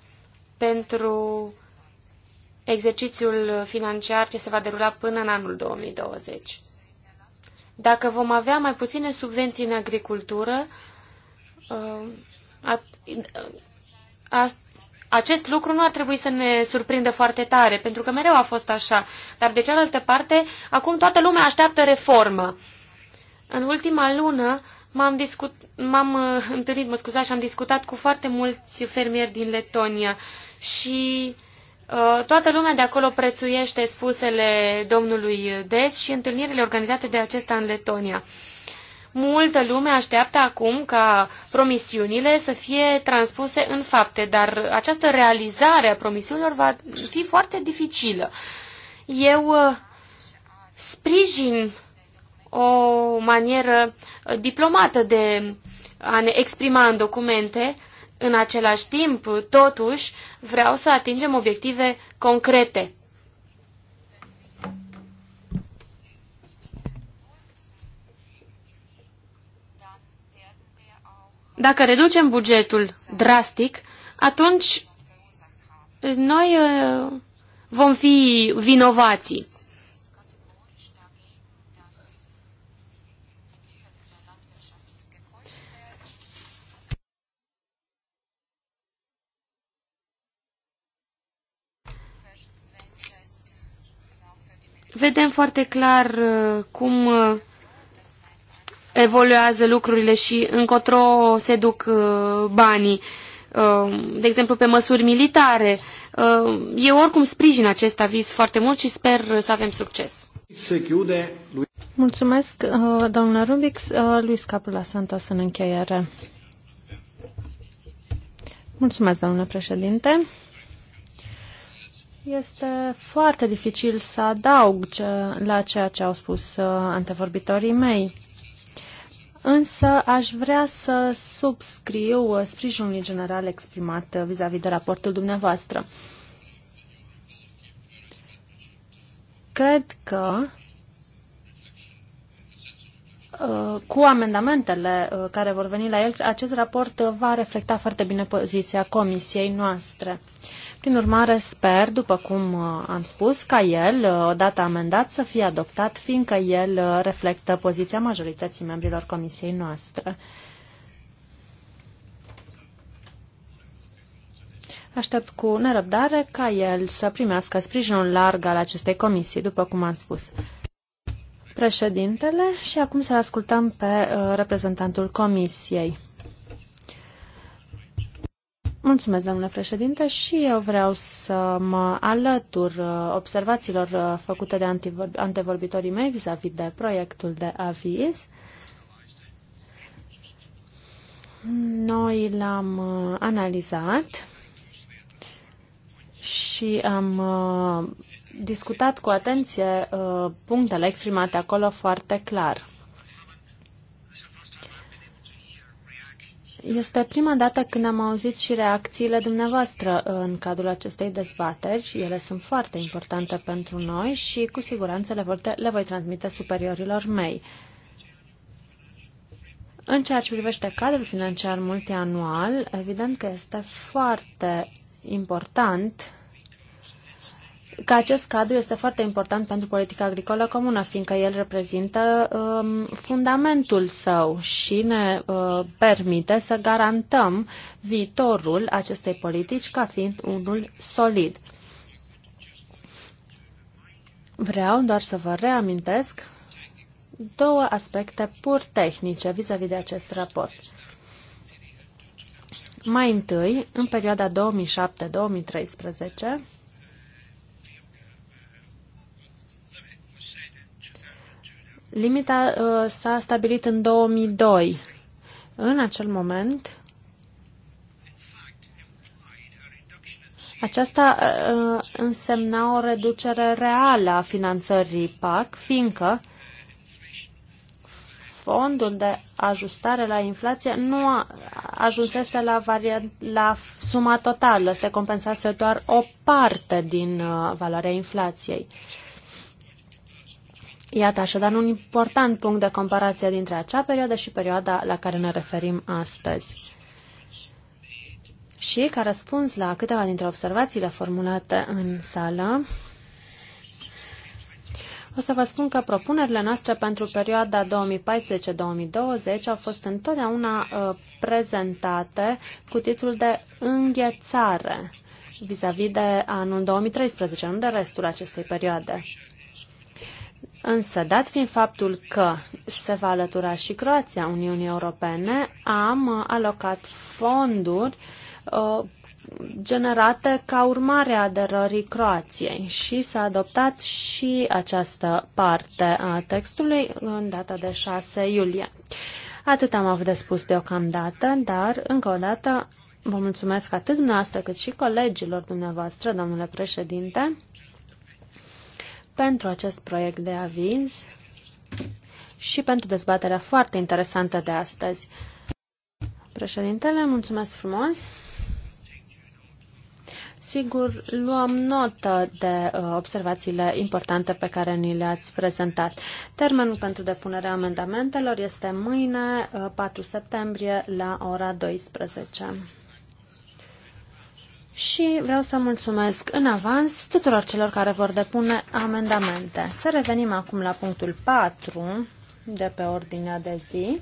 pentru exercițiul financiar ce se va derula până în anul 2020. Dacă vom avea mai puține subvenții în agricultură, a, uh, a, acest lucru nu ar trebui să ne surprindă foarte tare, pentru că mereu a fost așa. Dar de cealaltă parte, acum toată lumea așteaptă reformă. În ultima lună m-am, discut, m-am uh, întâlnit, mă scuzați, și am discutat cu foarte mulți fermieri din Letonia și Uh, toată lumea de acolo prețuiește spusele domnului Des și întâlnirile organizate de acesta în Letonia. Multă lume așteaptă acum ca promisiunile să fie transpuse în fapte, dar această realizare a promisiunilor va fi foarte dificilă. Eu uh, sprijin o manieră uh, diplomată de a ne exprima în documente, în același timp, totuși, vreau să atingem obiective concrete. Dacă reducem bugetul drastic, atunci noi uh, vom fi vinovații. vedem foarte clar uh, cum uh, evoluează lucrurile și încotro se duc uh, banii, de exemplu pe măsuri militare. Eu oricum sprijin acest aviz foarte mult și sper să avem succes. Mulțumesc, domnule Rubix. Luis Capula Santos în încheiere. Mulțumesc, domnule președinte. Este foarte dificil să adaug ce, la ceea ce au spus uh, antevorbitorii mei. Însă aș vrea să subscriu uh, sprijinului general exprimat uh, vis-a-vis -vis de raportul dumneavoastră. Cred că Uh, cu amendamentele uh, care vor veni la el, acest raport uh, va reflecta foarte bine poziția comisiei noastre. Prin urmare, sper, după cum am spus, ca el, odată amendat, să fie adoptat, fiindcă el reflectă poziția majorității membrilor comisiei noastre. Aștept cu nerăbdare ca el să primească sprijinul larg al acestei comisii, după cum am spus președintele și acum să ascultăm pe uh, reprezentantul Comisiei. Mulțumesc, domnule președinte, și eu vreau să mă alătur uh, observațiilor uh, făcute de antevorbitorii mei vis-a-vis -vis de proiectul de aviz. Noi l-am analizat și am discutat cu atenție uh, punctele exprimate acolo foarte clar. Este prima dată când am auzit și reacțiile dumneavoastră în cadrul acestei dezbateri și ele sunt foarte importante pentru noi și cu siguranță le, vor, le voi transmite superiorilor mei. În ceea ce privește cadrul financiar multianual, evident că este foarte important că acest cadru este foarte important pentru politica agricolă comună, fiindcă el reprezintă um, fundamentul său și ne uh, permite să garantăm viitorul acestei politici ca fiind unul solid. Vreau doar să vă reamintesc două aspecte pur tehnice vis-a-vis -vis de acest raport. Mai întâi, în perioada 2007-2013, Limita uh, s-a stabilit în 2002. În acel moment, aceasta uh, însemna o reducere reală a finanțării PAC, fiindcă fondul de ajustare la inflație nu a, ajunsese la, variant, la suma totală, se compensase doar o parte din uh, valoarea inflației. Uh, Iată așadar un important punct de comparație dintre acea perioadă și perioada la care ne referim astăzi. Și ca răspuns la câteva dintre observațiile formulate în sală, o să vă spun că propunerile noastre pentru perioada 2014-2020 au fost întotdeauna uh, prezentate cu titlul de înghețare vis-a-vis -vis de anul 2013, nu de restul acestei perioade. Însă, dat fiind faptul că se va alătura și Croația Uniunii Europene, am uh, alocat fonduri uh, generate ca urmare a aderării Croației și s-a adoptat și această parte a textului în data de 6 iulie. Atât am avut de spus deocamdată, dar, încă o dată, vă mulțumesc atât dumneavoastră cât și colegilor dumneavoastră, domnule președinte, pentru acest proiect de aviz și pentru dezbaterea foarte interesantă de astăzi. Președintele, mulțumesc frumos! Sigur, luăm notă de uh, observațiile importante pe care ni le-ați prezentat. Termenul pentru depunerea amendamentelor este mâine, uh, 4 septembrie, la ora 12 și vreau să mulțumesc în avans tuturor celor care vor depune amendamente. Să revenim acum la punctul 4 de pe ordinea de zi.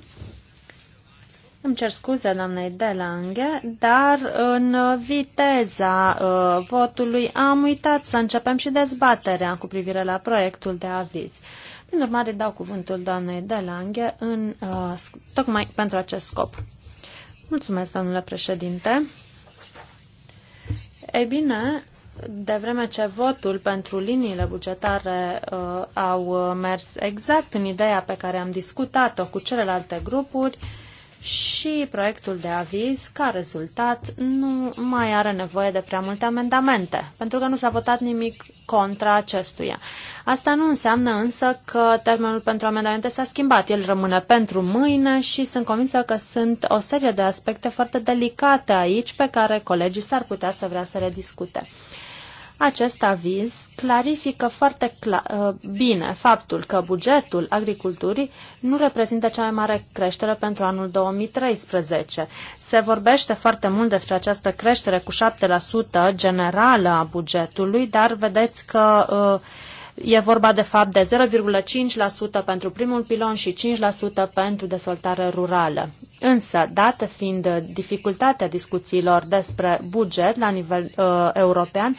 Îmi cer scuze, doamnei de Lange, dar în viteza uh, votului am uitat să începem și dezbaterea cu privire la proiectul de aviz. Prin urmare, dau cuvântul doamnei de Lange în, uh, tocmai pentru acest scop. Mulțumesc, domnule președinte. Ei bine, de vreme ce votul pentru liniile bugetare uh, au uh, mers exact în ideea pe care am discutat-o cu celelalte grupuri, uh, și proiectul de aviz, ca rezultat, nu mai are nevoie de prea multe amendamente, pentru că nu s-a votat nimic contra acestuia. Asta nu înseamnă însă că termenul pentru amendamente s-a schimbat. El rămâne pentru mâine și sunt convinsă că sunt o serie de aspecte foarte delicate aici pe care colegii s-ar putea să vrea să le discute. Acest aviz clarifică foarte cla- uh, bine faptul că bugetul agriculturii nu reprezintă cea mai mare creștere pentru anul 2013. Se vorbește foarte mult despre această creștere cu 7% generală a bugetului, dar vedeți că uh, e vorba de fapt de 0,5% pentru primul pilon și 5% pentru dezvoltare rurală. Însă, dată fiind dificultatea discuțiilor despre buget la nivel uh, european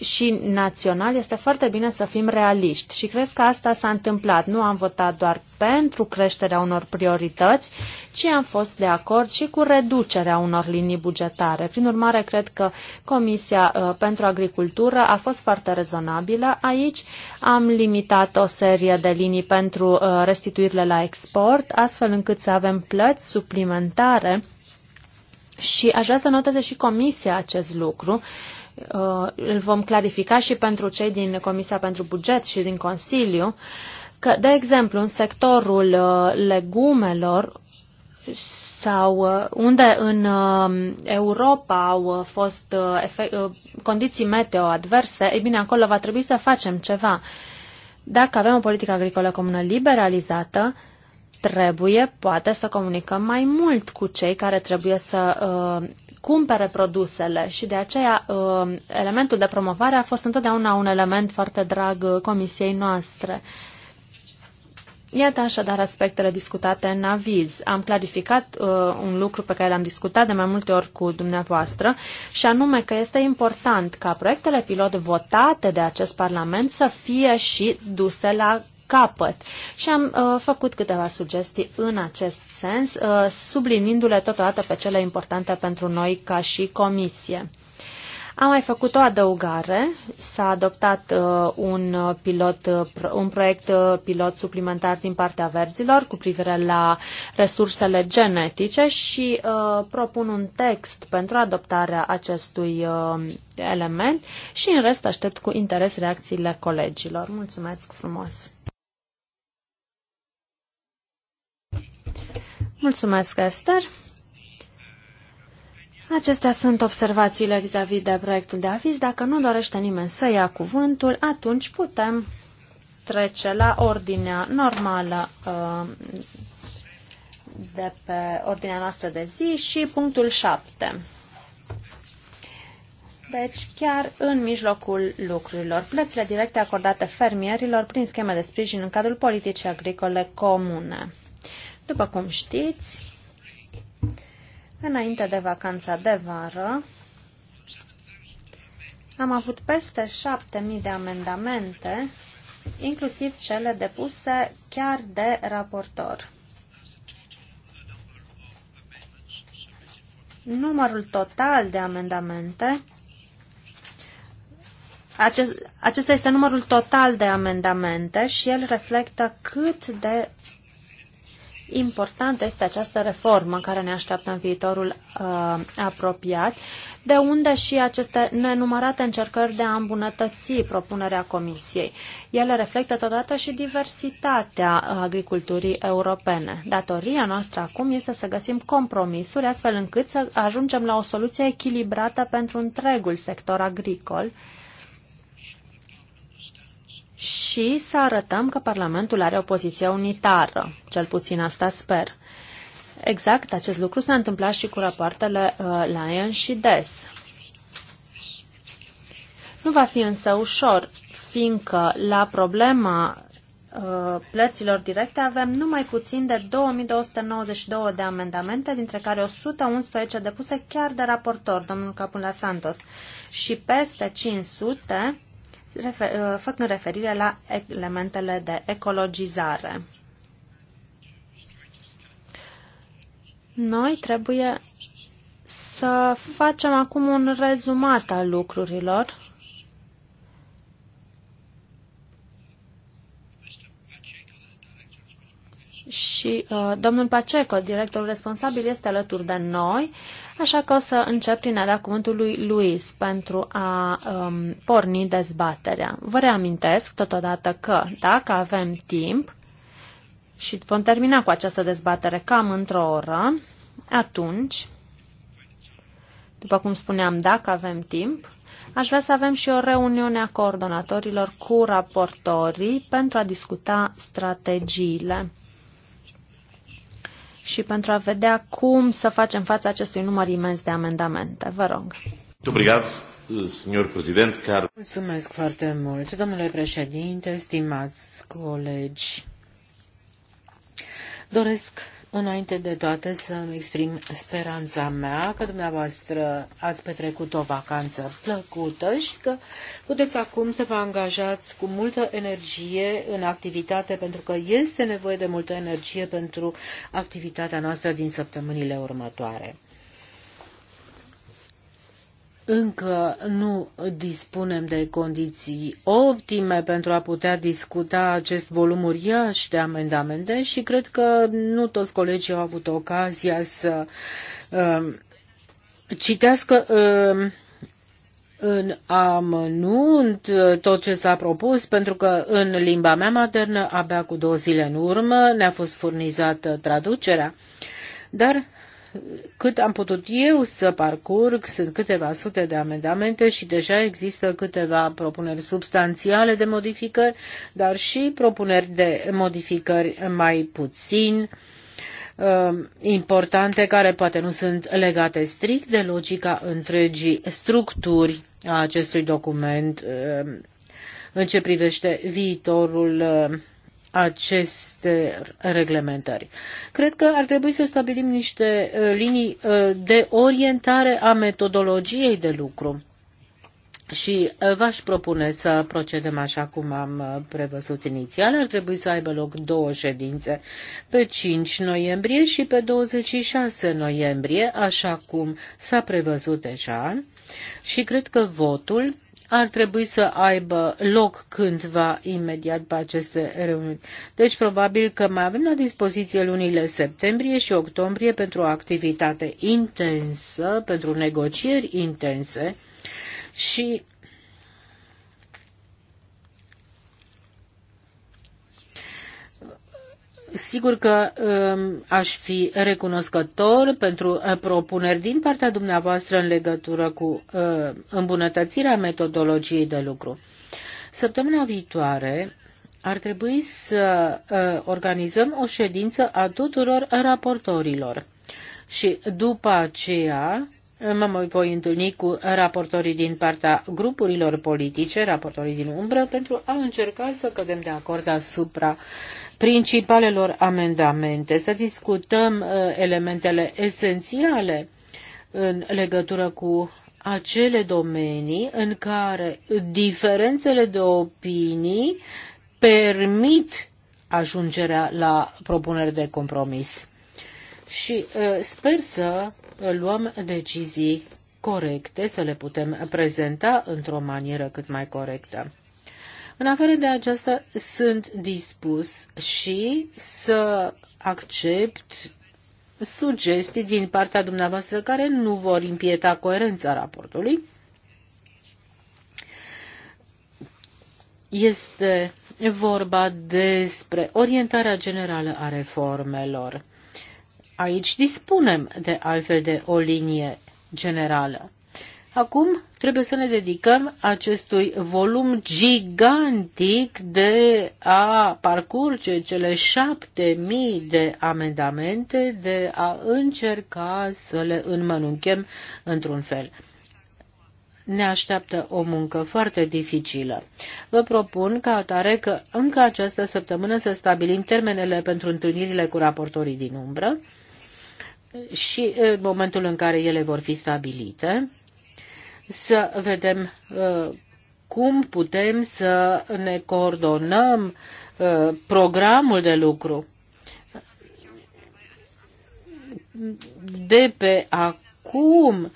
și național, este foarte bine să fim realiști și cred că asta s-a întâmplat. Nu am votat doar pentru creșterea unor priorități, ci am fost de acord și cu reducerea unor linii bugetare. Prin urmare, cred că Comisia uh, pentru Agricultură a fost foarte rezonabilă. Aici am limitat o serie de linii pentru uh, restituirile la export, astfel încât să avem plăți suplimentare suplimentare și aș vrea să noteze și Comisia acest lucru. Uh, îl vom clarifica și pentru cei din Comisia pentru Buget și din Consiliu că, de exemplu, în sectorul uh, legumelor sau uh, unde în um, Europa au fost condiții meteo adverse, ei bine, acolo va trebui să facem ceva. Dacă avem o politică agricolă comună liberalizată, trebuie poate să comunicăm mai mult cu cei care trebuie să uh, cumpere produsele și de aceea uh, elementul de promovare a fost întotdeauna un element foarte drag uh, comisiei noastre. Iată așadar aspectele discutate în aviz. Am clarificat uh, un lucru pe care l-am discutat de mai multe ori cu dumneavoastră și anume că este important ca proiectele pilot votate de acest Parlament să fie și duse la capăt. Și am uh, făcut câteva sugestii în acest sens, uh, sublinindu-le totodată pe cele importante pentru noi ca și comisie. Am mai făcut o adăugare, s-a adoptat uh, un, pilot, uh, un proiect uh, pilot suplimentar din partea verzilor cu privire la resursele genetice și uh, propun un text pentru adoptarea acestui uh, element și în rest aștept cu interes reacțiile colegilor. Mulțumesc frumos! Mulțumesc, Esther. Acestea sunt observațiile vis-a-vis -vis de proiectul de aviz. Dacă nu dorește nimeni să ia cuvântul, atunci putem trece la ordinea normală uh, de pe ordinea noastră de zi și punctul 7. Deci chiar în mijlocul lucrurilor, plățile directe acordate fermierilor prin scheme de sprijin în cadrul politicii agricole comune. După cum știți, înainte de vacanța de vară, am avut peste 7000 de amendamente, inclusiv cele depuse chiar de raportor. Numărul total de amendamente acest, acesta este numărul total de amendamente și el reflectă cât de importantă este această reformă care ne așteaptă în viitorul uh, apropiat, de unde și aceste nenumărate încercări de a îmbunătăți propunerea Comisiei. Ele reflectă totodată și diversitatea agriculturii europene. Datoria noastră acum este să găsim compromisuri astfel încât să ajungem la o soluție echilibrată pentru întregul sector agricol, și să arătăm că Parlamentul are o poziție unitară, cel puțin asta sper. Exact, acest lucru s-a întâmplat și cu rapoartele uh, Lion și DES. Nu va fi însă ușor, fiindcă la problema uh, plăților directe avem numai puțin de 2292 de amendamente, dintre care 111 depuse chiar de raportor, domnul Capula Santos, și peste 500 refer, uh, făcând referire la elementele de ecologizare. Noi trebuie să facem acum un rezumat al lucrurilor și uh, domnul Paceco, directorul responsabil, este alături de noi, așa că o să încep prin a da cuvântul lui Luis pentru a um, porni dezbaterea. Vă reamintesc totodată că dacă avem timp și vom termina cu această dezbatere cam într-o oră, atunci, după cum spuneam, dacă avem timp, aș vrea să avem și o reuniune a coordonatorilor cu raportorii pentru a discuta strategiile și pentru a vedea cum să facem față acestui număr imens de amendamente. Vă rog. Mulțumesc foarte mult, domnule președinte, stimați colegi. Doresc Înainte de toate să-mi exprim speranța mea că dumneavoastră ați petrecut o vacanță plăcută și că puteți acum să vă angajați cu multă energie în activitate, pentru că este nevoie de multă energie pentru activitatea noastră din săptămânile următoare încă nu dispunem de condiții optime pentru a putea discuta acest volum uriaș de amendamente și cred că nu toți colegii au avut ocazia să uh, citească uh, în amănunt uh, tot ce s-a propus, pentru că în limba mea maternă, abia cu două zile în urmă, ne-a fost furnizată traducerea. Dar cât am putut eu să parcurg, sunt câteva sute de amendamente și deja există câteva propuneri substanțiale de modificări, dar și propuneri de modificări mai puțin um, importante care poate nu sunt legate strict de logica întregii structuri a acestui document um, în ce privește viitorul um, aceste reglementări. Cred că ar trebui să stabilim niște uh, linii uh, de orientare a metodologiei de lucru. Și uh, v-aș propune să procedăm așa cum am prevăzut inițial. Ar trebui să aibă loc două ședințe pe 5 noiembrie și pe 26 noiembrie, așa cum s-a prevăzut deja. Și cred că votul ar trebui să aibă loc cândva imediat pe aceste reuniuni. Deci probabil că mai avem la dispoziție lunile septembrie și octombrie pentru o activitate intensă, pentru negocieri intense și Sigur că um, aș fi recunoscător pentru uh, propuneri din partea dumneavoastră în legătură cu uh, îmbunătățirea metodologiei de lucru. Săptămâna viitoare ar trebui să uh, organizăm o ședință a tuturor raportorilor și după aceea mă voi întâlni cu raportorii din partea grupurilor politice, raportorii din umbră, pentru a încerca să cădem de acord asupra uh, principalelor amendamente, să discutăm uh, elementele esențiale în legătură cu acele domenii în care diferențele de opinii permit ajungerea la propuneri de compromis. Și uh, sper să luăm decizii corecte, să le putem prezenta într-o manieră cât mai corectă. În afară de aceasta, sunt dispus și să accept sugestii din partea dumneavoastră care nu vor impieta coerența raportului. Este vorba despre orientarea generală a reformelor. Aici dispunem de altfel de o linie generală. Acum trebuie să ne dedicăm acestui volum gigantic de a parcurge cele șapte mii de amendamente, de a încerca să le înmănunchem într-un fel. Ne așteaptă o muncă foarte dificilă. Vă propun ca atare că încă această săptămână să stabilim termenele pentru întâlnirile cu raportorii din umbră și momentul în care ele vor fi stabilite să vedem uh, cum putem să ne coordonăm uh, programul de lucru. De pe acum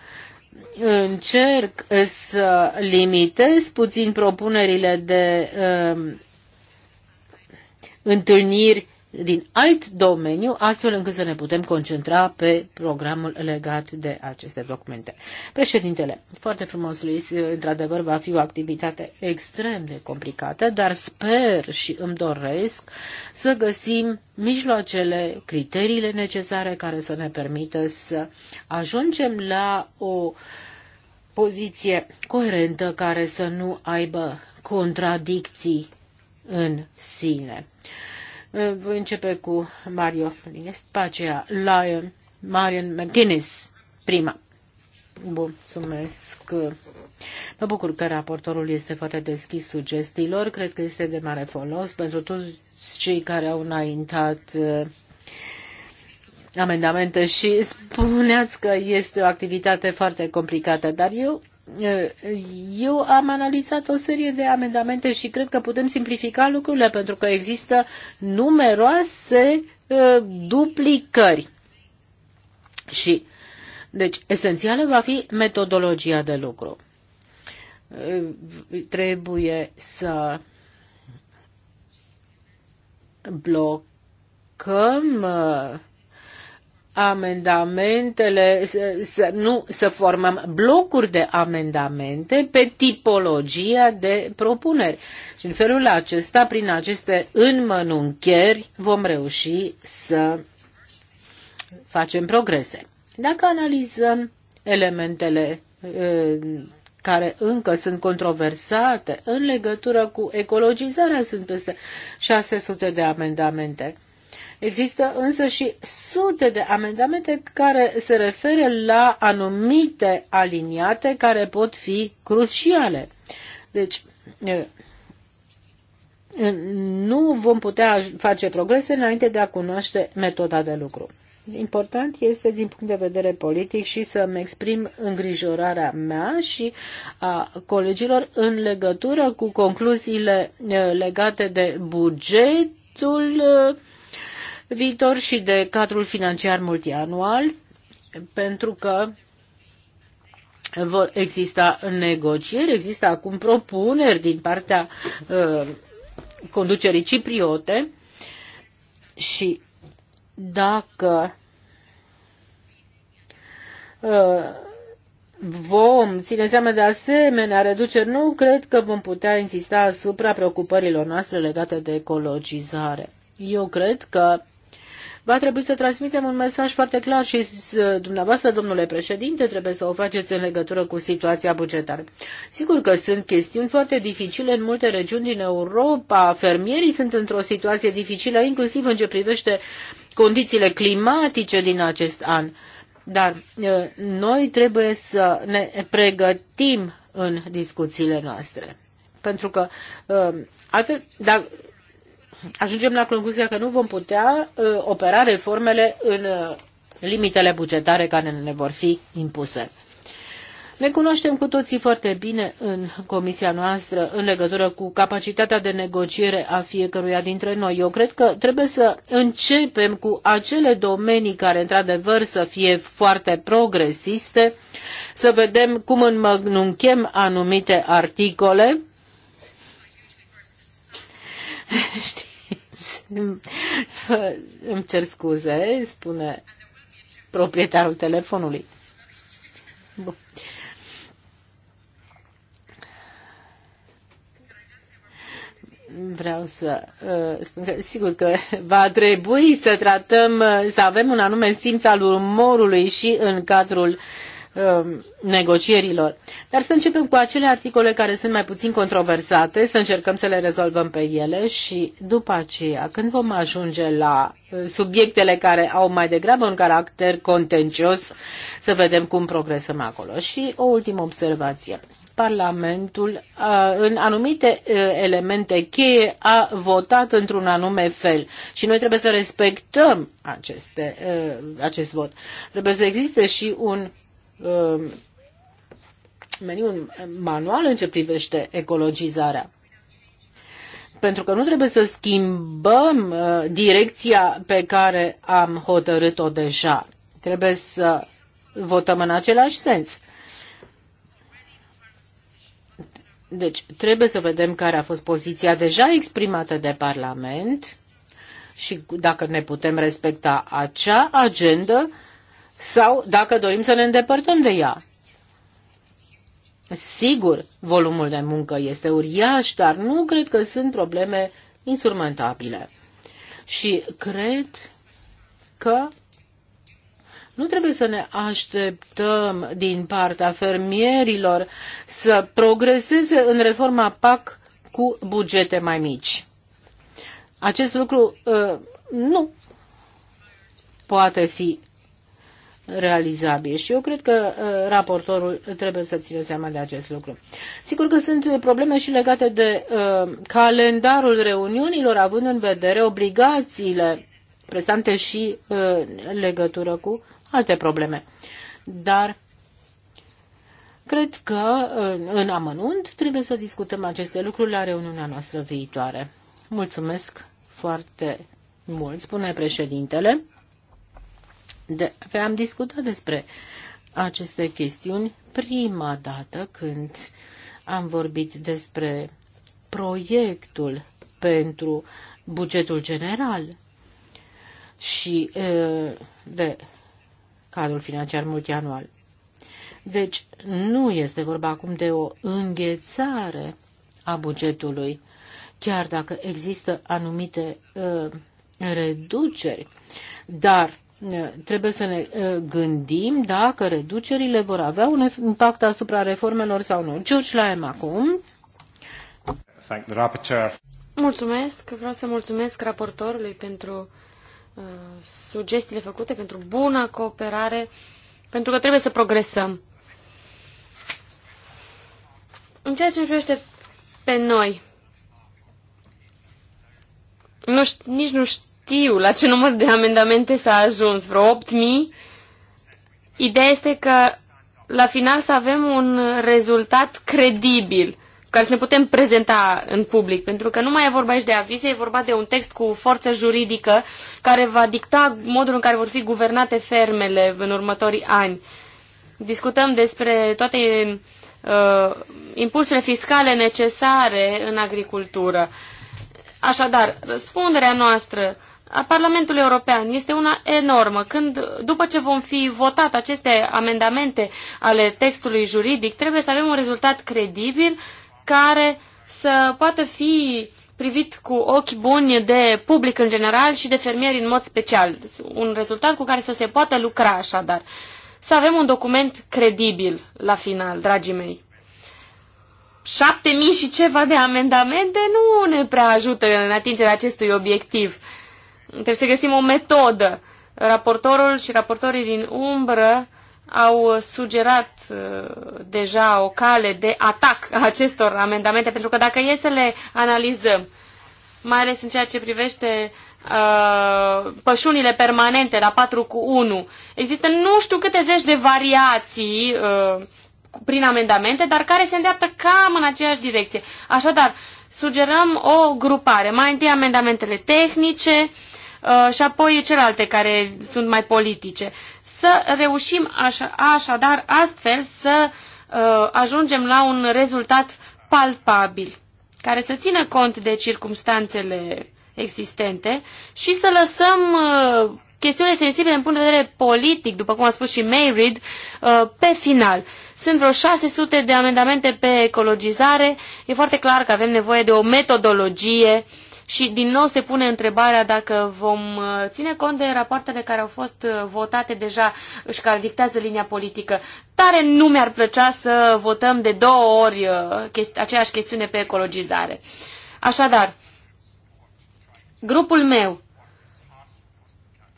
încerc să limitez puțin propunerile de uh, întâlniri din alt domeniu, astfel încât să ne putem concentra pe programul legat de aceste documente. Președintele, foarte frumos, Luis, într-adevăr va fi o activitate extrem de complicată, dar sper și îmi doresc să găsim mijloacele, criteriile necesare care să ne permită să ajungem la o poziție coerentă care să nu aibă contradicții în sine. Voi începe cu Mario Lines, după aceea Lion, Marion McGuinness, prima. mulțumesc. Mă bucur că raportorul este foarte deschis sugestiilor. Cred că este de mare folos pentru toți cei care au înaintat uh, amendamente și spuneați că este o activitate foarte complicată, dar eu Eh, eu am analizat o serie de amendamente și cred că putem simplifica lucrurile pentru că există numeroase eh, duplicări. Și, deci, esențială va fi metodologia de lucru. Eh, trebuie să blocăm amendamentele, să, să, nu să formăm blocuri de amendamente pe tipologia de propuneri. Și în felul acesta, prin aceste înmănuncheri, vom reuși să facem progrese. Dacă analizăm elementele uh, care încă sunt controversate în legătură cu ecologizarea, sunt peste 600 de amendamente Există însă și sute de amendamente care se referă la anumite aliniate care pot fi cruciale. Deci, nu vom putea face progrese înainte de a cunoaște metoda de lucru. Important este din punct de vedere politic și să-mi exprim îngrijorarea mea și a colegilor în legătură cu concluziile legate de bugetul viitor și de cadrul financiar multianual, pentru că vor exista negocieri, există acum propuneri din partea uh, conducerii cipriote și dacă uh, vom ține seama de asemenea reduceri, nu cred că vom putea insista asupra preocupărilor noastre legate de ecologizare. Eu cred că Va trebui să transmitem un mesaj foarte clar și dumneavoastră, domnule președinte, trebuie să o faceți în legătură cu situația bugetară. Sigur că sunt chestiuni foarte dificile în multe regiuni din Europa. Fermierii sunt într-o situație dificilă, inclusiv în ce privește condițiile climatice din acest an. Dar noi trebuie să ne pregătim în discuțiile noastre. Pentru că altfel, ajungem la concluzia că nu vom putea uh, opera reformele în uh, limitele bugetare care ne vor fi impuse. Ne cunoaștem cu toții foarte bine în comisia noastră în legătură cu capacitatea de negociere a fiecăruia dintre noi. Eu cred că trebuie să începem cu acele domenii care, într-adevăr, să fie foarte progresiste, să vedem cum înmăgnunchem anumite articole. Îmi cer scuze, spune proprietarul telefonului. Bun. vreau să uh, spun că sigur că va trebui să tratăm, uh, să avem un anume simț al umorului și în cadrul Um, negocierilor. Dar să începem cu acele articole care sunt mai puțin controversate, să încercăm să le rezolvăm pe ele și după aceea, când vom ajunge la uh, subiectele care au mai degrabă un caracter contencios, să vedem cum progresăm acolo. Și o ultimă observație. Parlamentul uh, în anumite uh, elemente cheie a votat într-un anume fel și noi trebuie să respectăm aceste, acest vot. Trebuie să existe și un Um, meniu manual în ce privește ecologizarea. Pentru că nu trebuie să schimbăm uh, direcția pe care am hotărât-o deja. Trebuie să votăm în același sens. Deci trebuie să vedem care a fost poziția deja exprimată de Parlament și dacă ne putem respecta acea agendă sau dacă dorim să ne îndepărtăm de ea. Sigur, volumul de muncă este uriaș, dar nu cred că sunt probleme insurmontabile. Și cred că nu trebuie să ne așteptăm din partea fermierilor să progreseze în reforma PAC cu bugete mai mici. Acest lucru uh, nu poate fi realizabil. Și eu cred că uh, raportorul trebuie să țină seama de acest lucru. Sigur că sunt probleme și legate de uh, calendarul reuniunilor, având în vedere obligațiile prestante și uh, legătură cu alte probleme. Dar cred că uh, în amănunt trebuie să discutăm aceste lucruri la reuniunea noastră viitoare. Mulțumesc foarte mult, spune președintele. De, am discutat despre aceste chestiuni prima dată când am vorbit despre proiectul pentru bugetul general și de cadrul financiar multianual. Deci nu este vorba acum de o înghețare a bugetului, chiar dacă există anumite uh, reduceri, dar trebuie să ne ă, gândim dacă reducerile vor avea un impact asupra reformelor sau nu. George Laem acum. Mulțumesc, vreau să mulțumesc raportorului pentru uh, sugestiile făcute, pentru buna cooperare, pentru că trebuie să progresăm. În ceea ce ne privește pe noi, nu, știu, nici nu știu știu la ce număr de amendamente s-a ajuns, vreo 8.000. Ideea este că la final să avem un rezultat credibil care să ne putem prezenta în public, pentru că nu mai e vorba aici de avize, e vorba de un text cu forță juridică care va dicta modul în care vor fi guvernate fermele în următorii ani. Discutăm despre toate uh, impulsurile fiscale necesare în agricultură. Așadar, răspunderea noastră a Parlamentului European este una enormă. Când, după ce vom fi votat aceste amendamente ale textului juridic, trebuie să avem un rezultat credibil care să poată fi privit cu ochi buni de public în general și de fermieri în mod special. Un rezultat cu care să se poată lucra așadar. Să avem un document credibil la final, dragii mei. Șapte și ceva de amendamente nu ne prea ajută în atingerea acestui obiectiv. Trebuie să găsim o metodă. Raportorul și raportorii din umbră au sugerat uh, deja o cale de atac a acestor amendamente, pentru că dacă e să le analizăm, mai ales în ceea ce privește uh, pășunile permanente la 4 cu 1, există nu știu câte zeci de variații uh, prin amendamente, dar care se îndreaptă cam în aceeași direcție. Așadar, sugerăm o grupare. Mai întâi amendamentele tehnice, uh, Uh, și apoi celelalte care sunt mai politice. Să reușim așa, așadar astfel să uh, ajungem la un rezultat palpabil, care să țină cont de circumstanțele existente și să lăsăm uh, sensibile în punct de vedere politic, după cum a spus și Mayrid, uh, pe final. Sunt vreo 600 de amendamente pe ecologizare. E foarte clar că avem nevoie de o metodologie uh, și din nou se pune întrebarea dacă vom uh, ține cont de rapoartele care au fost uh, votate deja și care dictează linia politică. Tare nu mi-ar plăcea să votăm de două ori uh, aceeași chestiune pe ecologizare. Așadar, grupul meu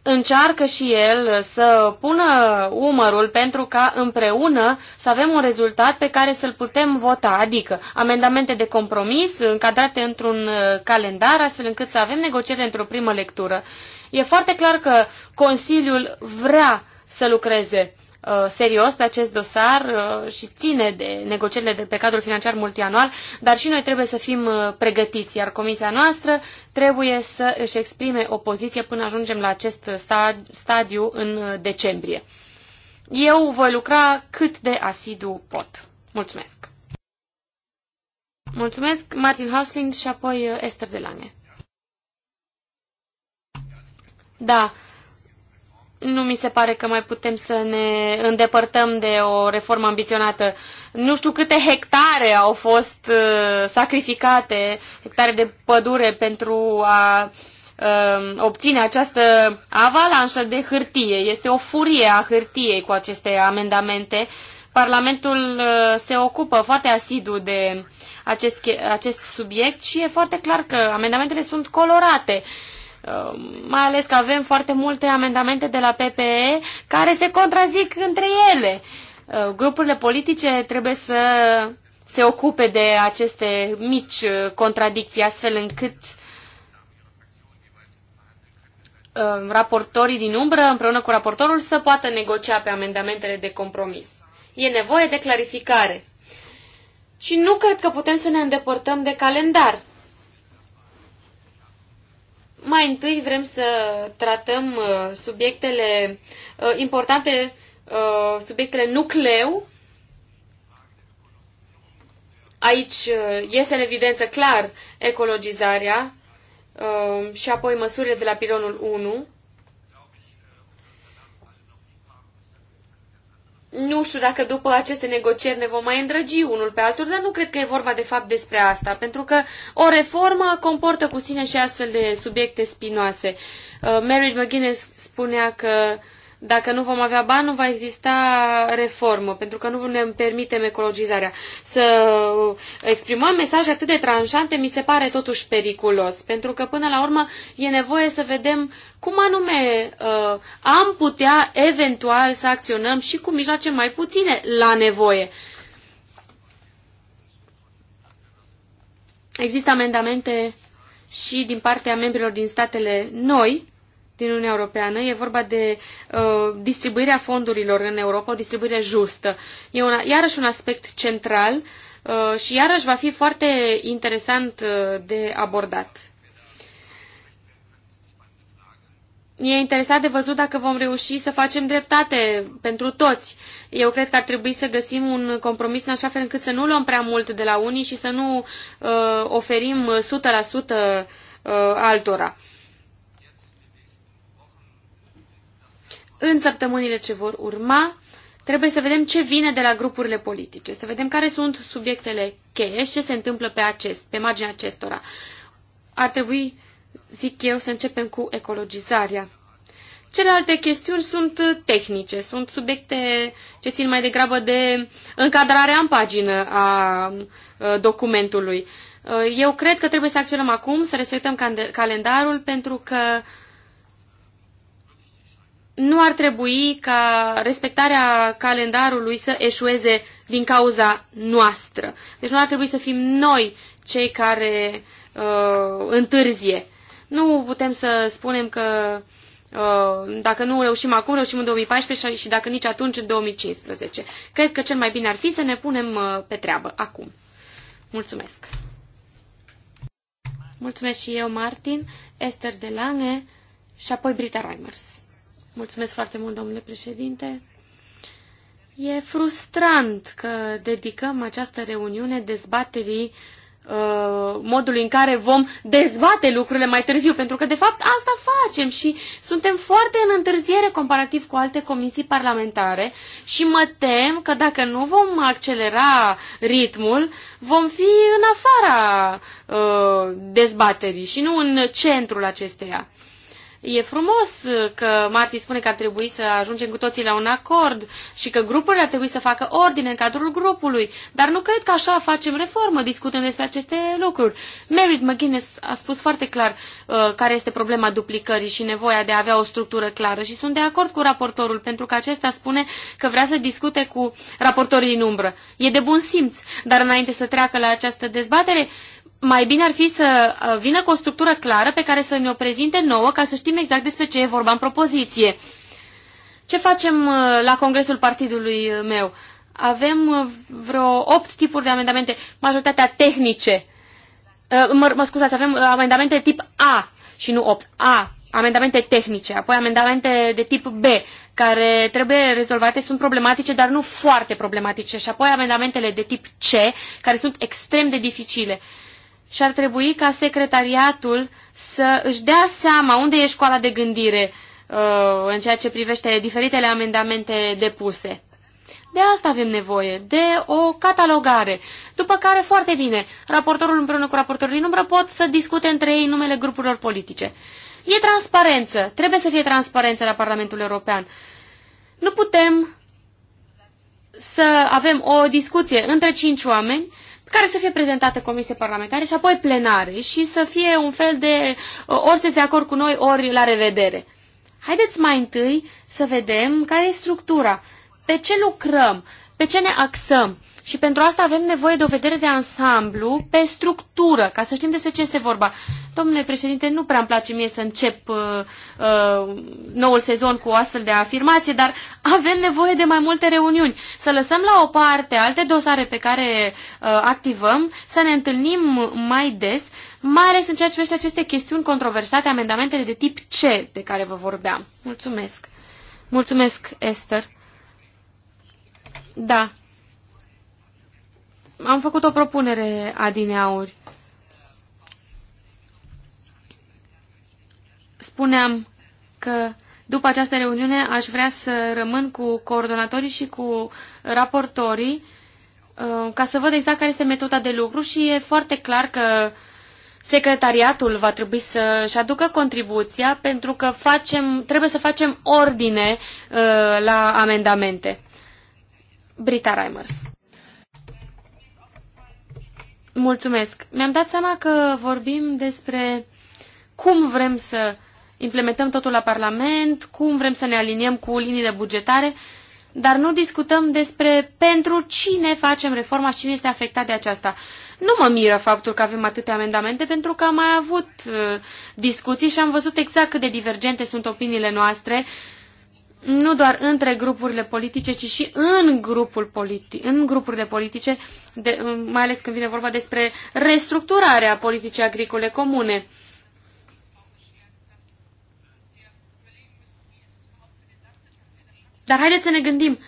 încearcă și el să pună umărul pentru ca împreună să avem un rezultat pe care să-l putem vota, adică amendamente de compromis încadrate într-un uh, calendar astfel încât să avem negocieri într-o primă lectură. E foarte clar că Consiliul vrea să lucreze Uh, serios pe acest dosar uh, și ține de negocierile de pe cadrul financiar multianual, dar și noi trebuie să fim uh, pregătiți, iar comisia noastră trebuie să își exprime o poziție până ajungem la acest stadiu în decembrie. Eu voi lucra cât de asidu pot. Mulțumesc! Mulțumesc, Martin Hausling și apoi Esther de Lange. Da, nu mi se pare că mai putem să ne îndepărtăm de o reformă ambiționată. Nu știu câte hectare au fost uh, sacrificate, hectare de pădure pentru a uh, obține această avalanșă de hârtie. Este o furie a hârtiei cu aceste amendamente. Parlamentul uh, se ocupă foarte asidu de acest, acest subiect și e foarte clar că amendamentele sunt colorate. Uh, Um, mai ales că avem foarte multe amendamente de la PPE care se contrazic între ele. Uh, grupurile politice trebuie să se ocupe de aceste mici uh, contradicții, astfel încât uh, raportorii din umbră, împreună cu raportorul, să poată negocia pe amendamentele de compromis. E nevoie de clarificare. Și nu cred că putem să ne îndepărtăm de calendar. Mai întâi vrem să tratăm uh, subiectele uh, importante, uh, subiectele nucleu. Aici iese în evidență clar ecologizarea și apoi măsurile de la pilonul 1 Nu știu dacă după aceste negocieri ne vom mai îndrăgi unul pe altul, dar nu cred că e vorba de fapt despre asta, pentru că o reformă comportă cu sine și astfel de subiecte spinoase. Uh, Mary McGuinness spunea că uh, dacă nu vom avea bani, nu va exista reformă, pentru că nu ne permitem ecologizarea. Să exprimăm mesaje atât de tranșante mi se pare totuși periculos, pentru că până la urmă e nevoie să vedem cum anume uh, am putea eventual să acționăm și cu mijloace mai puține la nevoie. Există amendamente și din partea membrilor din statele noi, din Uniunea Europeană. E vorba de uh, distribuirea fondurilor în Europa, o distribuire justă. E una, iarăși un aspect central uh, și iarăși va fi foarte interesant uh, de abordat. E interesat de văzut dacă vom reuși să facem dreptate pentru toți. Eu cred că ar trebui să găsim un compromis în așa fel încât să nu luăm prea mult de la unii și să nu uh, oferim 100% uh, altora. Uh, în săptămânile ce vor urma, trebuie să vedem ce vine de la grupurile politice, să vedem care sunt subiectele cheie și ce se întâmplă pe, acest, pe marginea acestora. Ar trebui, zic eu, să începem cu ecologizarea. Celelalte chestiuni sunt tehnice, sunt subiecte ce țin mai degrabă de încadrarea în pagină a documentului. Eu cred că trebuie să acționăm acum, să respectăm calendarul, pentru că nu ar trebui ca respectarea calendarului să eșueze din cauza noastră. Deci nu ar trebui să fim noi cei care uh, întârzie. Nu putem să spunem că uh, dacă nu reușim acum, reușim în 2014 și, și dacă nici atunci, în 2015. Cred că cel mai bine ar fi să ne punem uh, pe treabă acum. Mulțumesc! Mulțumesc și eu, Martin, Esther de Lange și apoi Brita Reimers. Mulțumesc foarte mult, domnule președinte. E frustrant că dedicăm această reuniune dezbaterii uh, modului în care vom dezbate lucrurile mai târziu, pentru că de fapt asta facem și suntem foarte în întârziere comparativ cu alte comisii parlamentare și mă tem că dacă nu vom accelera ritmul, vom fi în afara uh, dezbaterii și nu în centrul acesteia. E frumos că Marti spune că ar trebui să ajungem cu toții la un acord și că grupurile ar trebui să facă ordine în cadrul grupului, dar nu cred că așa facem reformă, discutând despre aceste lucruri. Merit McGuinness a spus foarte clar uh, care este problema duplicării și nevoia de a avea o structură clară și sunt de acord cu raportorul, pentru că acesta spune că vrea să discute cu raportorii în umbră. E de bun simț, dar înainte să treacă la această dezbatere, mai bine ar fi să uh, vină cu o structură clară pe care să ne o prezinte nouă ca să știm exact despre ce e vorba în propoziție. Ce facem uh, la congresul partidului uh, meu? Avem vreo opt tipuri de amendamente, majoritatea tehnice. Mă, mă scuzați, avem amendamente tip A și nu 8. A, amendamente tehnice, apoi amendamente de tip B, care trebuie rezolvate, sunt problematice, dar nu foarte problematice, și apoi amendamentele de tip C, care sunt extrem de dificile. Uh, și ar trebui ca secretariatul să își dea seama unde e școala de gândire uh, în ceea ce privește diferitele amendamente depuse. De asta avem nevoie, de o catalogare, după care, foarte bine, raportorul împreună cu raportorul din umbră pot să discute între ei numele grupurilor politice. E transparență, trebuie să fie transparență la Parlamentul European. Nu putem să avem o discuție între cinci oameni care să fie prezentate comisie parlamentare și apoi plenare și să fie un fel de uh, ori sunteți de acord cu noi, ori la revedere. Haideți mai întâi să vedem care e structura, pe ce lucrăm, pe ce ne axăm și pentru asta avem nevoie de o vedere de ansamblu pe structură, ca să știm despre ce este vorba. Domnule președinte, nu prea îmi place mie să încep uh, uh, noul sezon cu o astfel de afirmație, dar avem nevoie de mai multe reuniuni. Să lăsăm la o parte alte dosare pe care uh, activăm, să ne întâlnim mai des, mai ales în ceea ce privește aceste chestiuni controversate, amendamentele de tip C de care vă vorbeam. Mulțumesc! Mulțumesc, Esther! Da, am făcut o propunere adineauri. Spuneam că după această reuniune aș vrea să rămân cu coordonatorii și cu raportorii uh, ca să văd exact care este metoda de lucru și e foarte clar că secretariatul va trebui să-și aducă contribuția pentru că facem, trebuie să facem ordine uh, la amendamente. Brita Reimers. Mulțumesc. Mi-am dat seama că vorbim despre cum vrem să implementăm totul la Parlament, cum vrem să ne aliniem cu liniile bugetare, dar nu discutăm despre pentru cine facem reforma și cine este afectat de aceasta. Nu mă miră faptul că avem atâtea amendamente, pentru că am mai avut uh, discuții și am văzut exact cât de divergente sunt opiniile noastre uh, nu doar între grupurile politice, ci și în, grupul politi în grupurile politice, de, mai ales când vine vorba despre restructurarea politicii agricole comune. Dar haideți să ne gândim